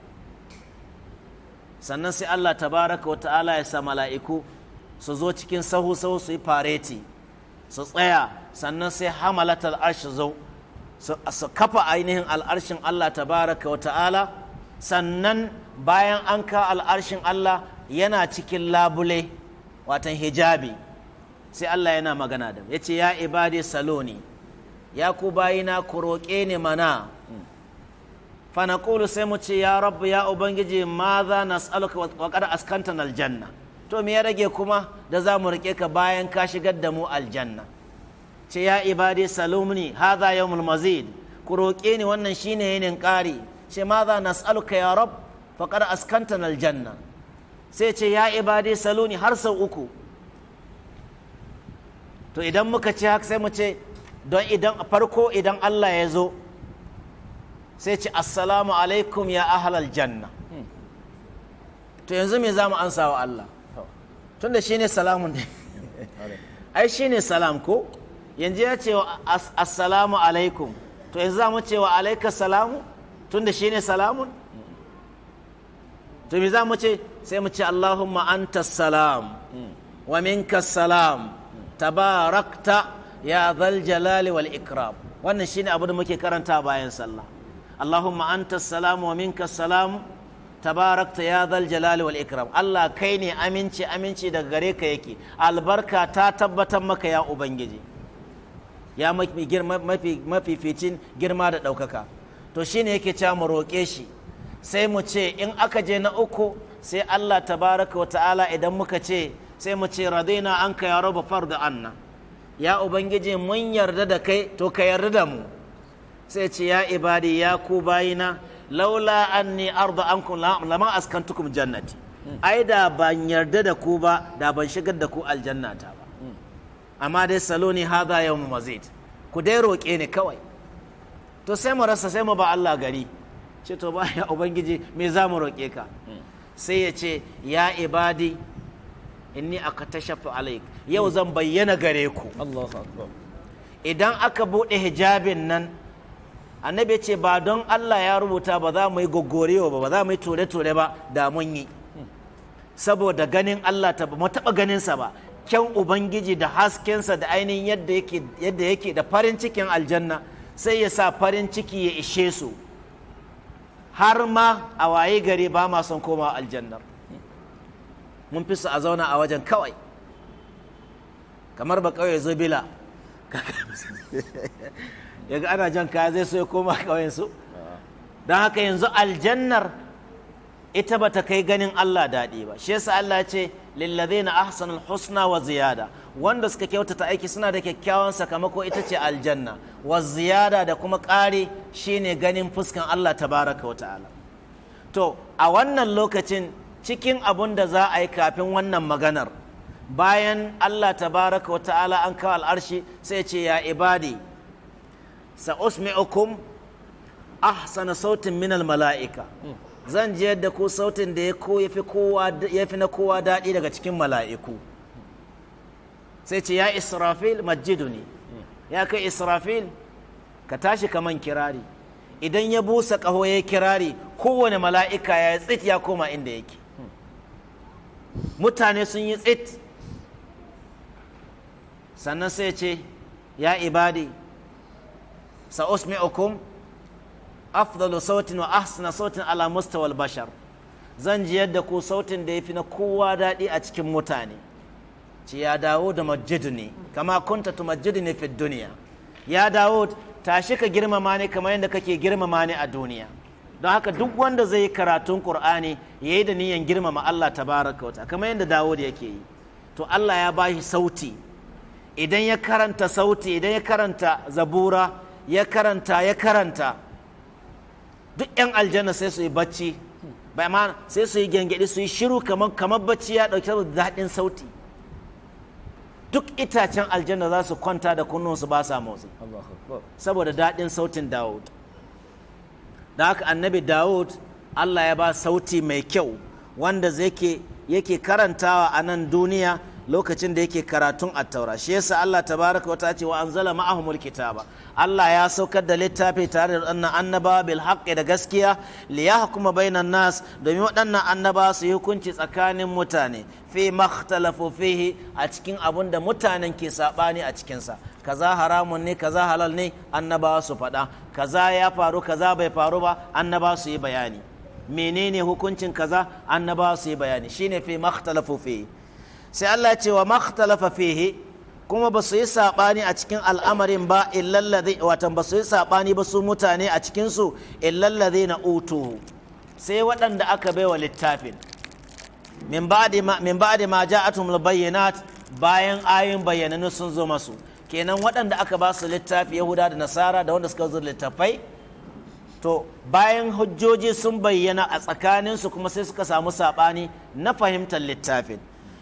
sannan sai Allah ta baraka wa ta'ala ya sa mala'iku su zo cikin sahu sahu su yi fareti su tsaya sannan sai hamalat al'arshi zo su kafa ainihin al'arshin Allah ta baraka wa ta'ala sannan bayan an ka al'arshin Allah yana cikin labule watan hijabi sai Allah yana magana da ya ce ya ibadi saloni ya ku bayina ku roƙe ni mana Fana ƙulu sai mu ce ya rabu ya ubangiji maza tsaluka wa qad askantana aljanna to me ya rage kuma da za mu riƙe ka bayan ka shigar da mu aljanna ce ya ibadi salumni hadha yawmul mazid ku roƙe ni wannan shine yinin ƙari ce maza tsaluka ya rabu fa qad askantana aljanna sai ce ya ibadi saluni har sau uku to idan muka ce haka sai mu ce don idan farko idan Allah ya zo sai ce assalamu alaikum ya ahalal janna to yanzu me za mu ansa wa Allah tunda shine salamun ne ai shine salam ko yanzu ya ce wa assalamu alaikum to yanzu za mu ce wa alaika salamu tunda shine salamun to me za mu ce sai mu ce Allahumma anta salam wa minka salam tabarakta ya zal jalali wal ikram wannan shine abu da muke karanta bayan sallah Allahumma anta salamu wa minka salamu tabarakta ya zal jalali wal ikram Allah kai ne aminci aminci daga gare ka yake albarka ta tabbatar maka ya ubangiji ya mafificin girma da ɗaukaka to shine yake cewa mu roƙe shi sai mu ce in aka je na uku sai Allah tabaraka wa ta'ala idan muka ce sai mu ce radina anka ya raba farda anna ya ubangiji mun yarda da kai to ka yarda da mu sai ce ya ibadi ya ku bayina laula anni arda ankum lama askantukum jannati ai da ban yarda da ku ba da ban shigar da ku aljannata ba amma dai salo ne hadha yawm mazid ku dai roƙe ni kawai to sai mu rasa sai mu ba Allah gari ce to ba ya ubangiji me za mu roƙe ka sai ya ce ya ibadi inni akatashafu alaik yau zan bayyana gare ku idan aka buɗe hijabin nan annabi ce ba don Allah ya rubuta ba za mu yi goggorewa ba ba za mu yi tore-tore ba da mun yi saboda ganin Allah ta mu taɓa sa ba kyan ubangiji da haskensa da ainihin yadda yake yadda yake da farin cikin aljanna sai ya sa farin ciki ya ishe su har ma a waye gari ba ma son koma aljanna mun fi su a zauna a wajen kawai kamar ba kauye zo bila yaga ana jan kaya zai so ya koma kauyensu su don haka yanzu aljannar ita ba ta kai ganin Allah daɗi ba shi yasa Allah ce na ahsan husna wa ziyada wanda suka kyautata aiki suna da kyakkyawan sakamako ita ce aljanna wa ziyada da kuma ƙari shine ganin fuskan Allah tabaraka wa ta'ala to a wannan lokacin cikin abun da za a yi kafin wannan maganar bayan Allah tabaraka wa ta'ala an kawo al'arshi sai ce ya ibadi sa'usmi'ukum ahsana sautin min mala'ika zan je yadda ku sautin da ya fi na kowa daɗi daga cikin mala'iku sai ce ya israfil majiduni ya kai israfil ka tashi kaman kirari idan ya busa kaho ya kirari kowane mala'ika ya tsit ya koma inda yake mutane sun yi tsit sannan sai ce ya ibadi sa usmi'ukum afdalu sautin wa ahsana sautin ala mustawal bashar zan ji yadda ku sautin da ya fi na kowa daɗi a cikin mutane ci ya dawo da majiduni kama kunta tu majiduni fi duniya ya dawo tashi ka girmama ne kamar yadda kake girmama ne a duniya don haka duk wanda zai yi karatun qur'ani ya yi da niyan girmama allah tabaraka wata kamar yadda dawo da yake yi to allah ya ba shi sauti idan ya karanta sauti idan ya karanta zabura ya karanta ya karanta duk 'yan aljanna sai su yi bacci ma sai su yi gyangyaɗi su yi shiru kamar kamar bacci ya ɗauke da daɗin sauti duk itacen aljanna za su kwanta da kunnuwansu ba sa motsi saboda daɗin sautin dawud da haka annabi dawud allah ya ba sauti mai kyau wanda yake karantawa a nan duniya lokacin da yake karatun attaura shi yasa Allah tabaraka wata ce wa anzala ma'ahumul kitaba Allah ya saukar da littafi tare da waɗannan annaba bil haqqi da gaskiya li yahkuma bainan nas domin waɗannan annaba su yi hukunci tsakanin mutane fi makhtalafu fihi a cikin abun da mutanen ke sabani a cikin sa kaza haramun ne kaza halal ne annaba su faɗa kaza ya faru kaza bai faru ba annaba su yi bayani menene hukuncin kaza annaba su yi bayani shine fi makhtalafu fihi sai Allah ce wa makhtalafa fihi kuma ba su yi saɓani a cikin al'amarin ba illalladhi watan ba su yi saɓani ba su mutane a cikin su illalladhi na utu sai waɗanda aka baiwa littafin min ba'di ma min ba'di ma ja'atumul bayyinat bayan ayin bayyananu sun zo masu kenan waɗanda aka ba su littafi yahuda da nasara da wanda suka zo littafai to bayan hujjoji sun bayyana a tsakaninsu kuma sai suka samu saɓani na fahimtar littafin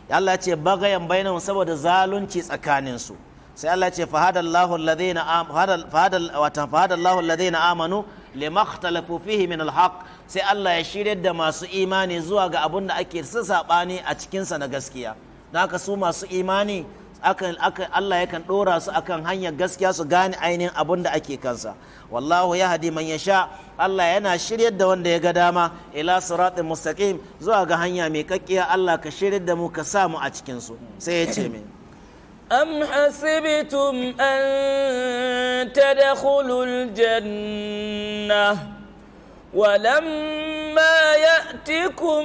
Allah ce bagayan bainahum saboda zalunci tsakanin su sai Allah ce fahadallahu alladhina fahadallahu amanu limakhtalafu fihi min alhaq sai Allah ya shiryar da masu imani zuwa ga abun da ake su a cikin sa na gaskiya don haka su masu imani Allah yakan ɗora su akan hanyar gaskiya su gane ainihin abin da ake kansa wallahu ya hadi man sha Allah yana shiryar da wanda ya ga dama ila siratin mustaqim zuwa ga hanya mai kakkiya Allah ka shiryar da mu ka sa mu a cikin su sai ya ce mai أم حسبتم أن تدخلوا الجنة ولما يأتكم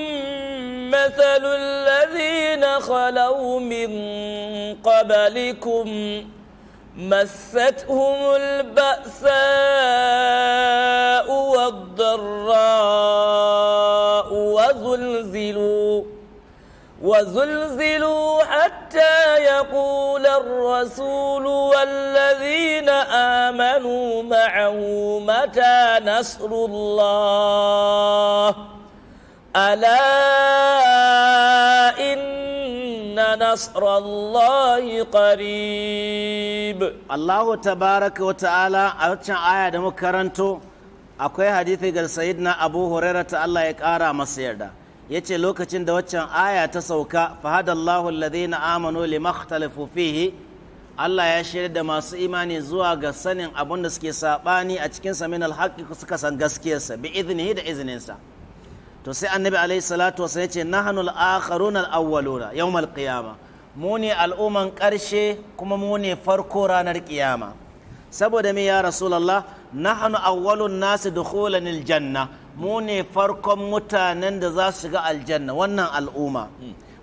مثل الذين خلوا من قبلكم مستهم البأساء والضراء وزلزلوا وزلزلوا حتى يقول الرسول والذين آمنوا معه متى نصر الله ألا إن نصر الله قريب الله تبارك وتعالى أرجع آية مكرنتو أكوي حديث سيدنا أبو هريرة الله يكارى مسيرده yace lokacin da waccan aya ta sauka fahadallahu alladhina amanu limakhtalafu fihi Allah ya shirya da masu imani zuwa ga sanin abin da suke sabani a cikin sa min alhaqi suka san gaskiyarsa bi idnihi da izininsa to sai annabi alaihi salatu wasallam yace nahnu al-akharuna al-awwaluna yawm al-qiyama mu ne al'umman karshe kuma mu ne farko ranar ƙiyama saboda me ya rasulullah nahnu awwalun nasi dukhulan aljanna mu ne farkon mutanen da za su shiga aljanna wannan al'umma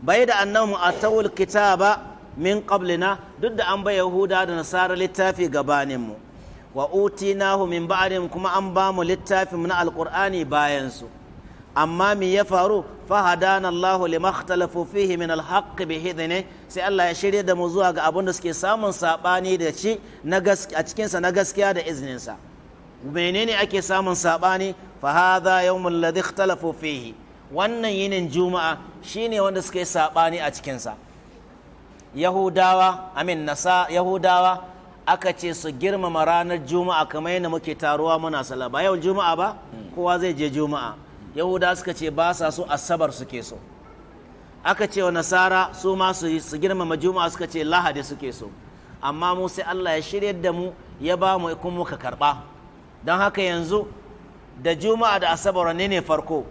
bai da annahum atawul kitaba min qablina duk da an ba yahuda da nasara littafi gabanin mu wa utinahu min ba'dihim kuma an ba mu littafi na alqur'ani bayan su amma mi ya faru fahadana Allahu lima ikhtalafu fihi min alhaq bi hidne sai Allah ya shirya da mu zuwa ga abin da suke samun sabani da shi na gaskiya a cikin sa na gaskiya da izininsa. sa menene ake samun saɓani fa hadha yawmul ladhi ikhtalafu fihi wannan yinin juma'a shine wanda suka yi saɓani a cikinsa yahudawa amin nasa yahudawa aka ce su girmama ranar juma'a kamar yadda muke taruwa muna sala ba yau juma'a ba kowa zai je juma'a yahudawa suka ce ba sa so asabar suke so aka ce wa nasara su ma su girmama juma'a suka ce lahadi suke so amma mu sai allah ya shirya da mu ya ba mu kuma muka karɓa don haka yanzu da juma'a da asabar ne ne farko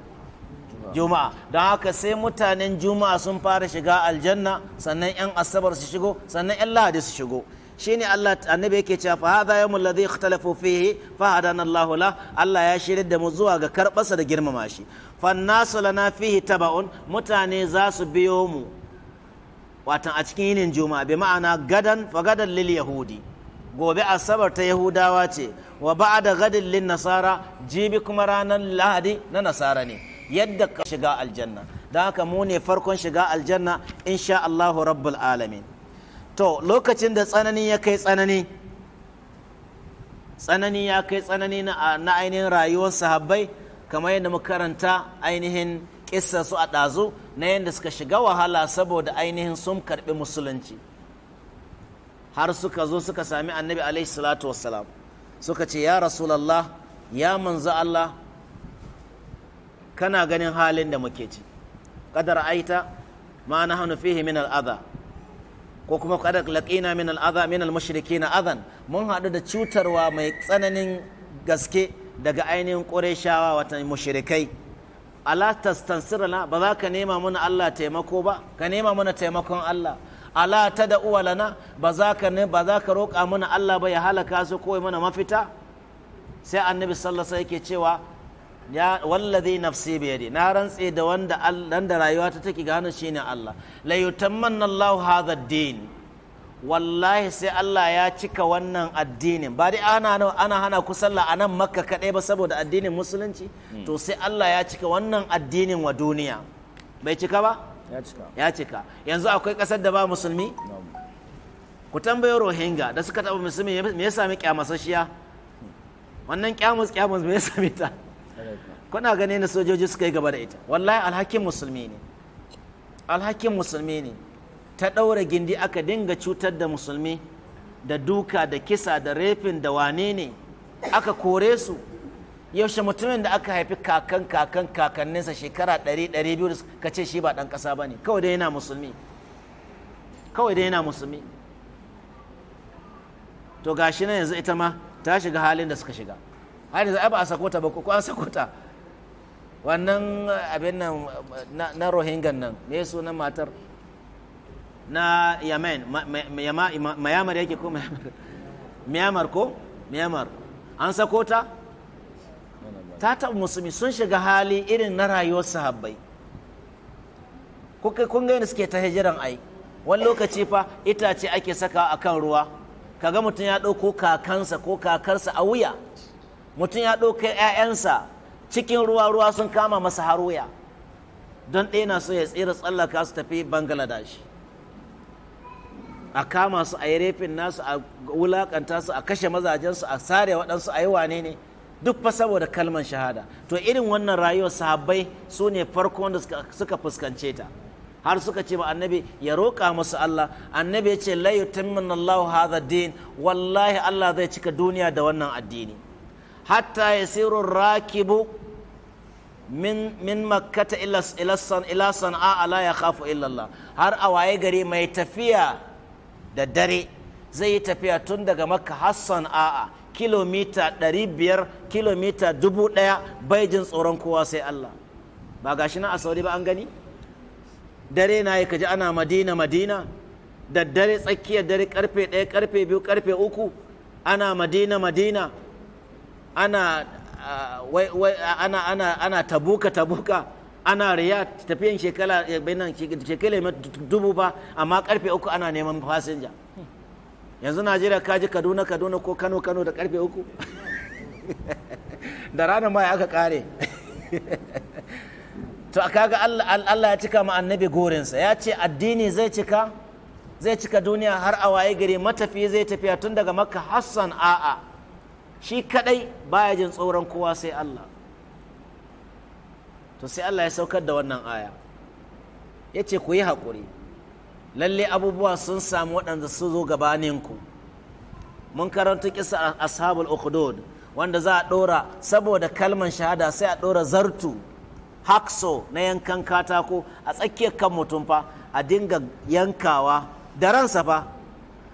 juma'a don haka sai mutanen juma'a sun fara shiga aljanna sannan yan asabar su shigo sannan yan lahadi su shigo Shi ne Allah annabi yake cewa fa hadha yawmul ladhi ikhtalafu fihi fa hadana Allahu la Allah ya shirya da mu zuwa ga karbarsa da girmama shi fan nasu lana fihi taba'un mutane za su biyo mu watan a cikin yinin juma'a bi ma'ana gadan fa gadan lil yahudi gobe asabar ta yahudawa ce wa ba da gadin lin nasara jibi kuma ranar lahadi na nasara ne yadda ka shiga aljanna don haka mu ne farkon shiga aljanna insha allahu rabbul alamin to lokacin da tsanani ya kai tsanani tsanani ya kai tsanani na ainihin rayuwar sahabbai kamar yadda mu karanta ainihin kissa su a ɗazu na yadda suka shiga wahala saboda ainihin sun karɓi musulunci har suka zo suka sami annabi alaihi salatu wassalam suka ce ya rasulallah ya manzo Allah kana ganin halin da muke ci kadar aita ma na hannu fihi min al'adha ko kuma kadar laƙina min al'adha min al'mashiriki na adhan mun haɗu da cutarwa mai tsananin gaske daga ainihin ƙureshawa wata mushrikai ala tastansirana ba za ka nema mana Allah taimako ba ka nema mana taimakon Allah ala ta da uwalana ba za ka ne ba za ka roƙa mana Allah ba ya halaka su ko mana mafita sai annabi sallasa yake cewa ya wallazi nafsi na rantse da wanda rayuwa ta take ga hannun shine Allah la yutammanna Allahu hadha din wallahi sai Allah ya cika wannan addinin ba dai ana hana ku sallah a nan makka kadai ba saboda addinin musulunci hmm. to sai Allah ya cika wannan addinin wa duniya bai cika ba ya cika yanzu akwai kasar da ba musulmi ku tambayo rohingya da suka taba musulmi me ya sami kyamasashiya wannan kyamus kyamus me ya sami ta kuna gani na sojoji suka yi gaba da ita wallahi alhakin musulmi ne alhakin musulmi ne ta ɗaura gindi aka dinga cutar da musulmi da duka da kisa da refin da wane ne aka kore su yaushe mutumin da aka haifi kakan kakan kakanninsa shekara ɗari ɗari biyu ka ce shi ba ɗan ƙasa ba ne kawai dai yana musulmi kawai dai yana musulmi to gashi nan yanzu ita ma ta shiga halin da suka shiga har yanzu ai ba a sako ta ba ko an sako ta wannan abin nan na rohingya nan me sunan matar na yamen mayamar yake ko mayamar ko mayamar an sako ta ta taɓa musulmi sun shiga hali irin na rayuwar sahabbai kuka kun ga suke ta hijiran ai wani lokaci fa itace ake saka a kan ruwa kaga mutum ya ɗauko kakansa ko kakarsa a wuya mutum ya ɗauko 'ya'yansa cikin ruwa ruwa sun kama masa har don ɗaya na so ya tsira tsallaka su tafi bangaladesh a kama su a yi refin nasu a wulakanta su a kashe mazajensu a sare waɗansu a yi wane ne duk fa saboda kalmar shahada to irin wannan rayuwar sahabbai su ne farko wanda suka fuskance ta har suka ce ba annabi ya roƙa musu Allah annabi ya ce la yutimmanna Allahu hadha din wallahi Allah zai cika duniya da wannan addini hatta yasiru rakibu min min makkata ila ila san'a ala ya khafu illa Allah har a waye gari mai tafiya da dare zai yi tafiya tun daga makka har san'a kilomita 500 kilomita 1000 bai jin tsoron kowa sai Allah ba gashi na a saudi ba an gani dare na yi kaji ana madina madina da dare tsakiyar dare karfe ɗaya karfe biyu karfe uku ana madina madina ana ana ana ana tabuka tabuka ana riya tafiyan shekara eh, bayan shekara dubu ba amma karfe uku ana neman fasinja yanzu najeriya ka ji kaduna kaduna ko kano kano da karfe uku da ranar mai aka kare to kaga allah ya cika ma annabi gorinsa ya ce addini zai cika zai cika duniya har a waye gari matafi zai tafiya tun daga makka hassan a'a shi kadai baya jin tsoron kowa sai allah to sai allah ya saukar da wannan aya ya ce ku yi haƙuri lalle abubuwa sun samu waɗanda su zo gabaninku mun karanta kisa ashabul ukhdud wanda za a ɗora saboda kalman shahada sai a ɗora zartu hakso na yankan katako a tsakiyar kan mutum fa a dinga yankawa da ransa fa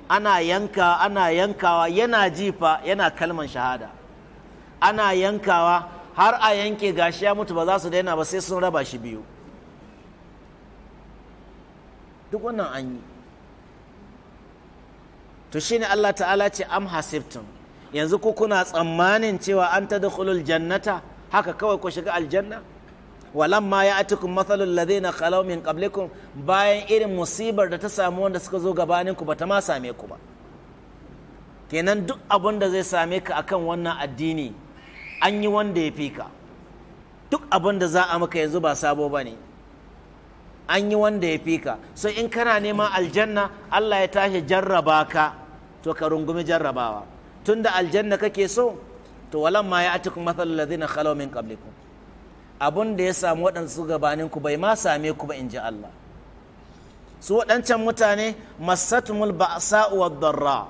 ana yanka ana yankawa yana jifa yana kalman shahada ana yankawa har a yanke gashi ya mutu ba za su daina ba sai sun raba shi biyu duk wannan an yi to ne Allah ta'ala ce am hasibtum yanzu ku kuna tsammanin cewa an ta dukulul jannata haka kawai ku shiga aljanna ya ya'atukum mathalul ladhina khalaw min qablikum bayan irin musibar da ta samu wanda suka zo gabanin ku ta ma same ku ba kenan duk abin da zai same ka akan wannan addini an yi wanda ya fi ka duk abin da za a maka yanzu ba sabo bane an yi wanda ya fi ka so in kana neman aljanna Allah ya tashi jarraba ka to ka rungumi jarrabawa tunda aljanna kake so to walan ma ya atikum mathalul ladina khalo min qablikum abun da ya samu waɗansu gabanin ku bai ma same ku ba in ji Allah su waɗancan mutane masatumul ba'sa wa darra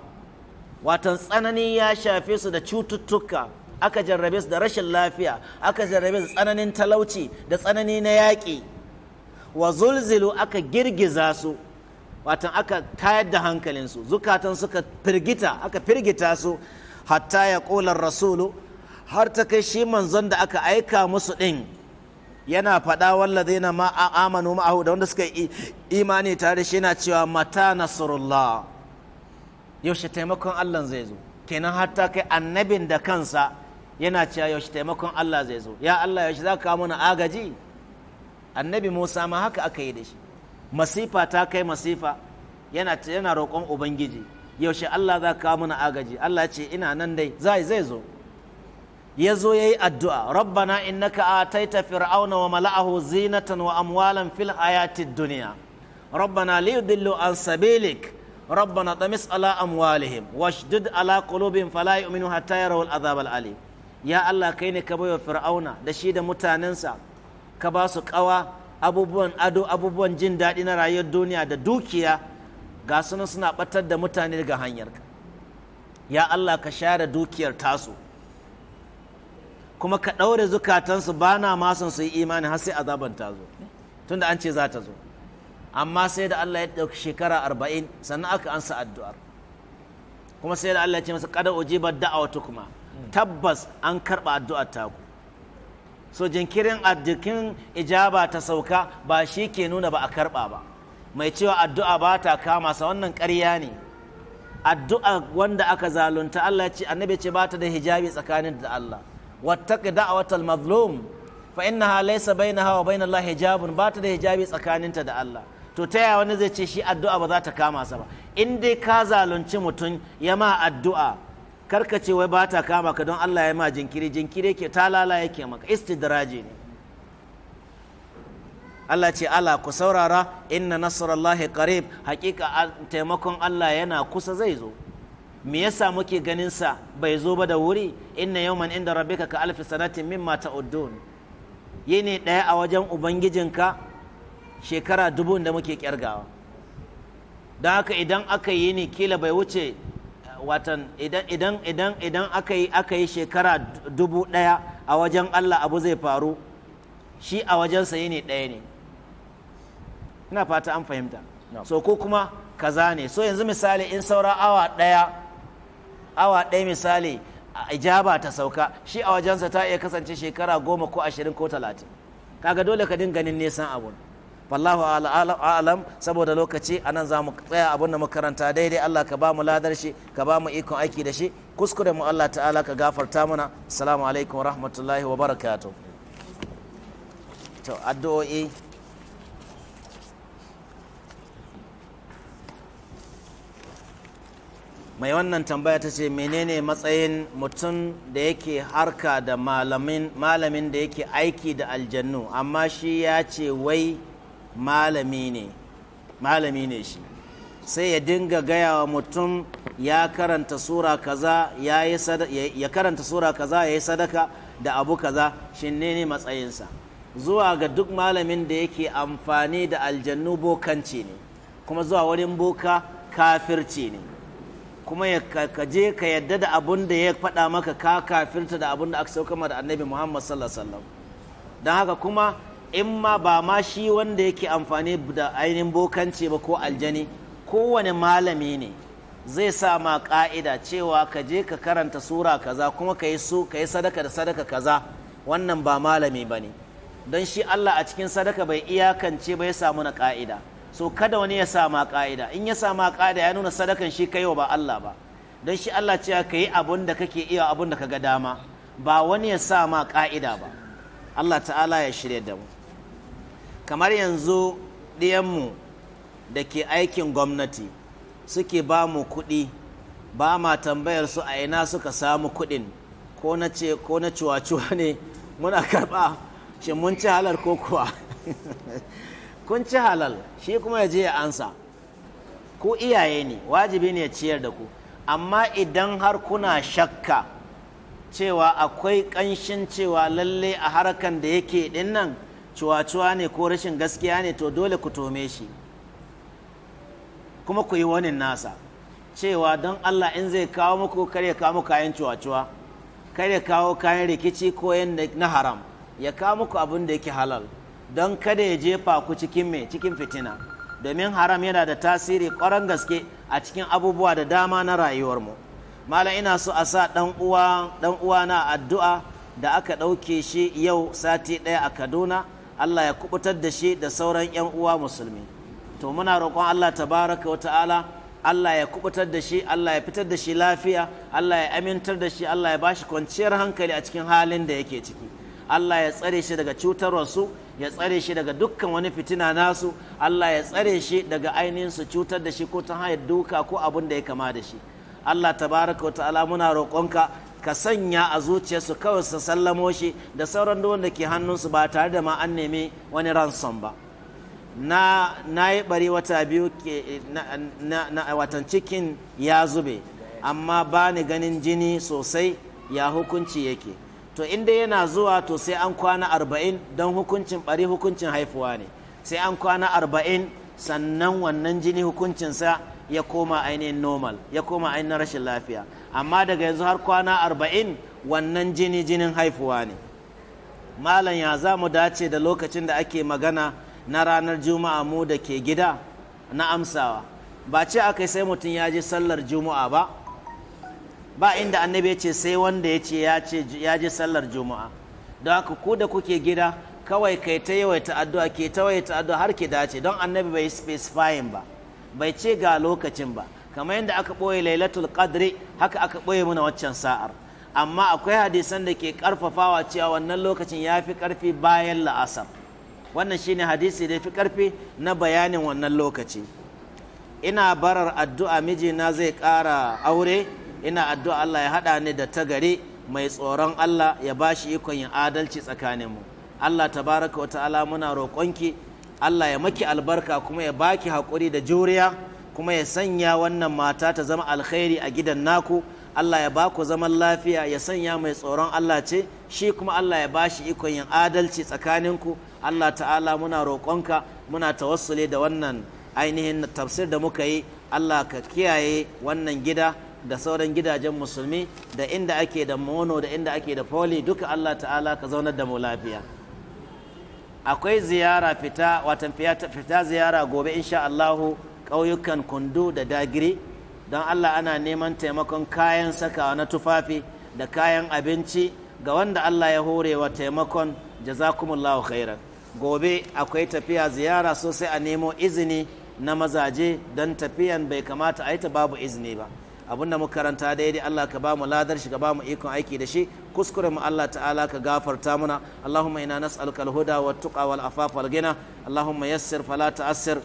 watan tsanani ya shafe su da cututtuka aka jarrabe su da rashin lafiya aka jarrabe su tsananin talauci da tsanani na yaƙi wa zulzilu aka girgiza su watan aka tayar da hankalinsu zukatan suka firgita aka firgita su hatta ya ƙolar rasulu har ta kai shi manzon da aka aika musu ɗin yana faɗa wallazi na ma ma'ahu da wanda suka imani tare shi na cewa mata nasrullah yaushe taimakon Allah zai zo kenan har ta kai annabin da kansa yana cewa yaushe taimakon Allah zai zo ya Allah yaushe za ka kawo mana agaji annabi musa ma haka aka yi da shi masifa ta kai masifa yana yana roƙon ubangiji yaushe allah za kawo mana agaji allah ce ina nan dai zai zai zo ya zo ya yi addu'a rabbana innaka ataita fir'auna wa mala'ahu zinatan wa amwalan fil hayatid duniya rabbana liyudillu an sabilik rabbana tamis ala amwalihim washdud ala qulubihim fala yu'minu hatta yarawul azab al alim ya allah kai ne ka baiwa fir'auna da shi da mutanensa ka ba su ƙawa abubuwan ado abubuwan jin daɗi na rayuwar duniya da dukiya ga nan suna ɓatar da mutane daga hanyar. ya Allah ka share dukiyar tasu kuma ka ɗaure zukatansu ba na masun su yi imani har sai azaban ta zo tunda an ce za ta zo amma sai da Allah ya ɗauki shekara arba'in sannan aka ansa addu'ar kuma sai da Allah ya ce masa kada ujibar da'awatu kuma tabbas an karɓa addu'ar taku so jinkirin addukin ijaba ta sauka ba shi ke nuna ba a karba ba mai cewa addu'a ba ta kama sa wannan ƙarya ne addu'a wanda aka zalunta Allah ce annabi ce ba ta da hijabi tsakanin da Allah wattaqi da'watal mazlum fa innaha laysa hawa wa na Allah hijabun ba ta da hijabi tsakaninta da Allah to ta yaya wani zai ce shi addu'a ba za ta kama sa ba in dai ka zalunci mutum ya ma addu'a karka ce wai ba ta kama ka don Allah ya ma jinkiri jinkiri ke lalaya yake maka istidraji ne Allah ce ala ku saurara inna nasarallahi qarib hakika taimakon Allah yana kusa zai zo me yasa muke ganin sa bai zo ba da wuri inna yawman inda rabbika ka alfi sanatin mimma ta'udun yene daya a wajen ubangijinka shekara dubun da muke kyargawa don haka idan aka yi ne kila bai wuce watan idan idan idan idan aka yi aka yi shekara dubu ɗaya a wajen Allah abu zai faru shi a wajen sa ne ɗaya ne ina fata an fahimta so ko kuma kaza ne so yanzu misali in saura awa ɗaya awa ɗaya misali ijaba ta sauka shi a wajensa ta iya kasance shekara goma ko ashirin ko talatin kaga dole ka dinga ganin nisan abun wallahu a'lam saboda lokaci a nan za mu tsaya abin da makaranta daidai Allah ka ba mu ladar shi ka ba mu ikon aiki da shi kuskure mu Allah ta'ala ka gafarta mana assalamu alaikum rahmatullahi wa barakatu to addu'o'i mai wannan tambaya ta ce menene matsayin mutum da yake harka da malamin da yake aiki da aljannu amma shi ya ce wai malami ne malami ne shi sai ya dinga gaya wa mutum ya karanta sura kaza ya ya karanta sura kaza ya yi sadaka da abu kaza shin ne matsayinsa zuwa ga duk malamin da yake amfani da aljannu bokanci ne kuma zuwa wurin boka kafirci ne kuma ka je ka yadda da abun da ya faɗa maka ka kafirta da abun da aka sauka da annabi muhammad sallallahu alaihi wasallam don haka kuma in ma ba ma shi wanda yake amfani da ainihin bokanci ba ko aljani kowane malami ne zai sa ma ka'ida cewa ka je ka karanta sura kaza kuma ka yi su ka yi sadaka da sadaka kaza wannan ba malami ba ne don shi Allah a cikin sadaka bai iyakance ba ya samu na ka'ida so kada wani ya sama ka'ida in ya sama ka'ida ya nuna sadakan shi kai ba Allah ba don shi Allah cewa ka yi abun da kake iya abun da ka ga dama ba wani ya ma ka'ida ba Allah ta'ala ya shirya da mu kamar yanzu ɗiyanmu da ke aikin gwamnati suke ba mu kuɗi ba ma tambayar su a ina suka samu kuɗin ko na ce ko na cuwa-cuwa ne muna karɓa shi mun ci halar ko kuwa kun ci halal shi kuma ya je ya ansa ku iyaye ne wajibi ne ya ciyar da ku amma idan har kuna shakka cewa akwai ƙanshin cewa lalle a harkan da yake ɗin nan cuwa-cuwa ne ko rashin gaskiya ne to dole ku tome shi kuma ku yi wani nasa cewa don Allah in zai kawo muku kar ya kawo muku kayan cuwa-cuwa kar ya kawo kayan rikici ko na haram ya kawo muku abin da yake halal don kada ya jefa ku cikin mai cikin fitina domin haram yana da tasiri ƙwarar gaske a cikin abubuwa da dama na rayuwarmu malam ina so a sa ɗan uwa na addu'a da aka ɗauke shi yau sati ɗaya a kaduna Allah ya kubutar da shi da sauran 'yan uwa musulmi to muna roƙon Allah tabaraka wa ta'ala Allah ya kubutar da shi Allah ya fitar da shi lafiya Allah ya amintar da shi Allah ya bashi kwanciyar hankali a cikin halin da yake ciki Allah ya tsare shi daga cutarwarsu ya tsare shi daga dukkan wani fitina nasu Allah ya tsare shi daga ainihin su cutar da shi ko ta hanyar duka ko abin da ya kama da shi Allah tabaraka wa ta'ala muna roƙonka ka sanya a zuciyarsu kawai su sallamo shi da sauran duk wanda ke hannunsu ba tare da ma an nemi wani ransom ba na na yi bari wata biyu na, watan cikin ya zube amma ba ni ganin jini sosai ya hukunci yake to inda yana zuwa to sai an kwana arba'in don hukuncin bari hukuncin haifuwa ne sai an kwana arba'in sannan wannan jini hukuncinsa ya koma ainihin normal ya koma ainihin rashin lafiya amma daga yanzu har kwana arba'in wannan jini jinin haifuwa ne malam ya za mu dace da lokacin da ake magana na ranar juma'a mu da ke gida na amsawa ba ce aka sai mutum ya ji sallar juma'a ba ba inda annabi ce sai wanda ya ce ya ji sallar juma'a don haka ku da kuke gida kawai kai ta yawaita addu'a ke ta yawaita addu'a har ke dace don annabi bai specifying ba bai ce ga lokacin ba kamar yadda aka ɓoye lailatul qadri haka aka ɓoye muna waccan sa'ar amma akwai hadisan da ke karfafawa cewa wannan lokacin ya fi karfi bayan la'asar wannan shine hadisi da fi karfi na bayanin wannan lokaci ina barar addu'a mijina zai ƙara aure ina addu'a Allah ya haɗa ni da tagare mai tsoron Allah ya bashi ikon yin adalci tsakaninmu Allah tabaraka wa ta'ala muna roƙonki Allah ya maki albarka kuma ya baki haƙuri da juriya kuma ya sanya wannan mata ta zama alkhairi a gidan naku Allah ya baku zaman lafiya ya sanya mai tsoron Allah ce shi kuma Allah ya bashi ikon yin adalci tsakaninku Allah ta'ala muna roƙonka muna tawassule da wannan ainihin tafsir da muka yi Allah ka kiyaye wannan gida da sauran gidajen musulmi da inda ake da mono da inda ake da poli duka Allah ta'ala ka zaunar da mu lafiya akwai ziyara fita watan fita ziyara gobe insha Allahu ƙauyukan kundu da dagiri don Allah ana neman taimakon kayan sakawa na tufafi da kayan abinci ga wanda Allah ya wa taimakon jazakumullahu khairan gobe akwai tafiya ziyara sosai a nemo izini na mazaje don tafiyan bai kamata a yi ta babu izini ba abin da muka karanta daidai Allah ka ba mu ladar shi ka ba mu ikon aiki da shi kuskure mu Allah ta'ala ka gafarta muna Allahumma ina nas'aluka al-huda wa tuqa wal afafa wal ghina Allahumma yassir fala ta'assir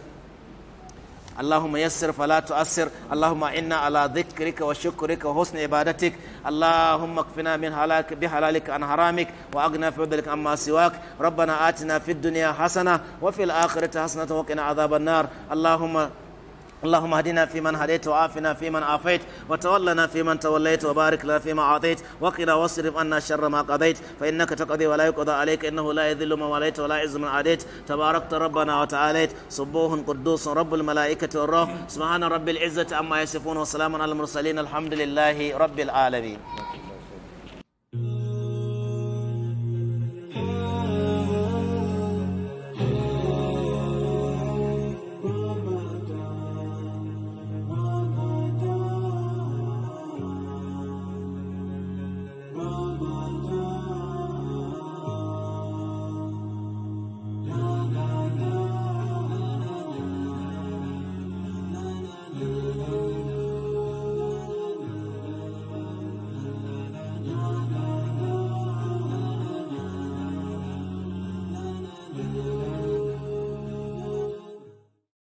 اللهم يسر فلا تؤثر اللهم إنا على ذكرك وشكرك وحسن عبادتك اللهم اكفنا من هلاك بحلالك عن حرامك وأغنى في عدلك عما سواك ربنا آتنا في الدنيا حسنة وفي الآخرة حسنة وقنا عذاب النار اللهم اللهم اهدنا فيمن هديت وعافنا فيمن عافيت وتولنا فيمن توليت وبارك لنا فيما اعطيت وقنا واصرف عنا شر ما قضيت فانك تقضي ولا يقضى عليك انه لا يذل من وليت ولا يعز من عاديت تباركت ربنا وتعاليت صبوه قدوس رب الملائكه والروح سبحان رب العزه عما يصفون وسلام على المرسلين الحمد لله رب العالمين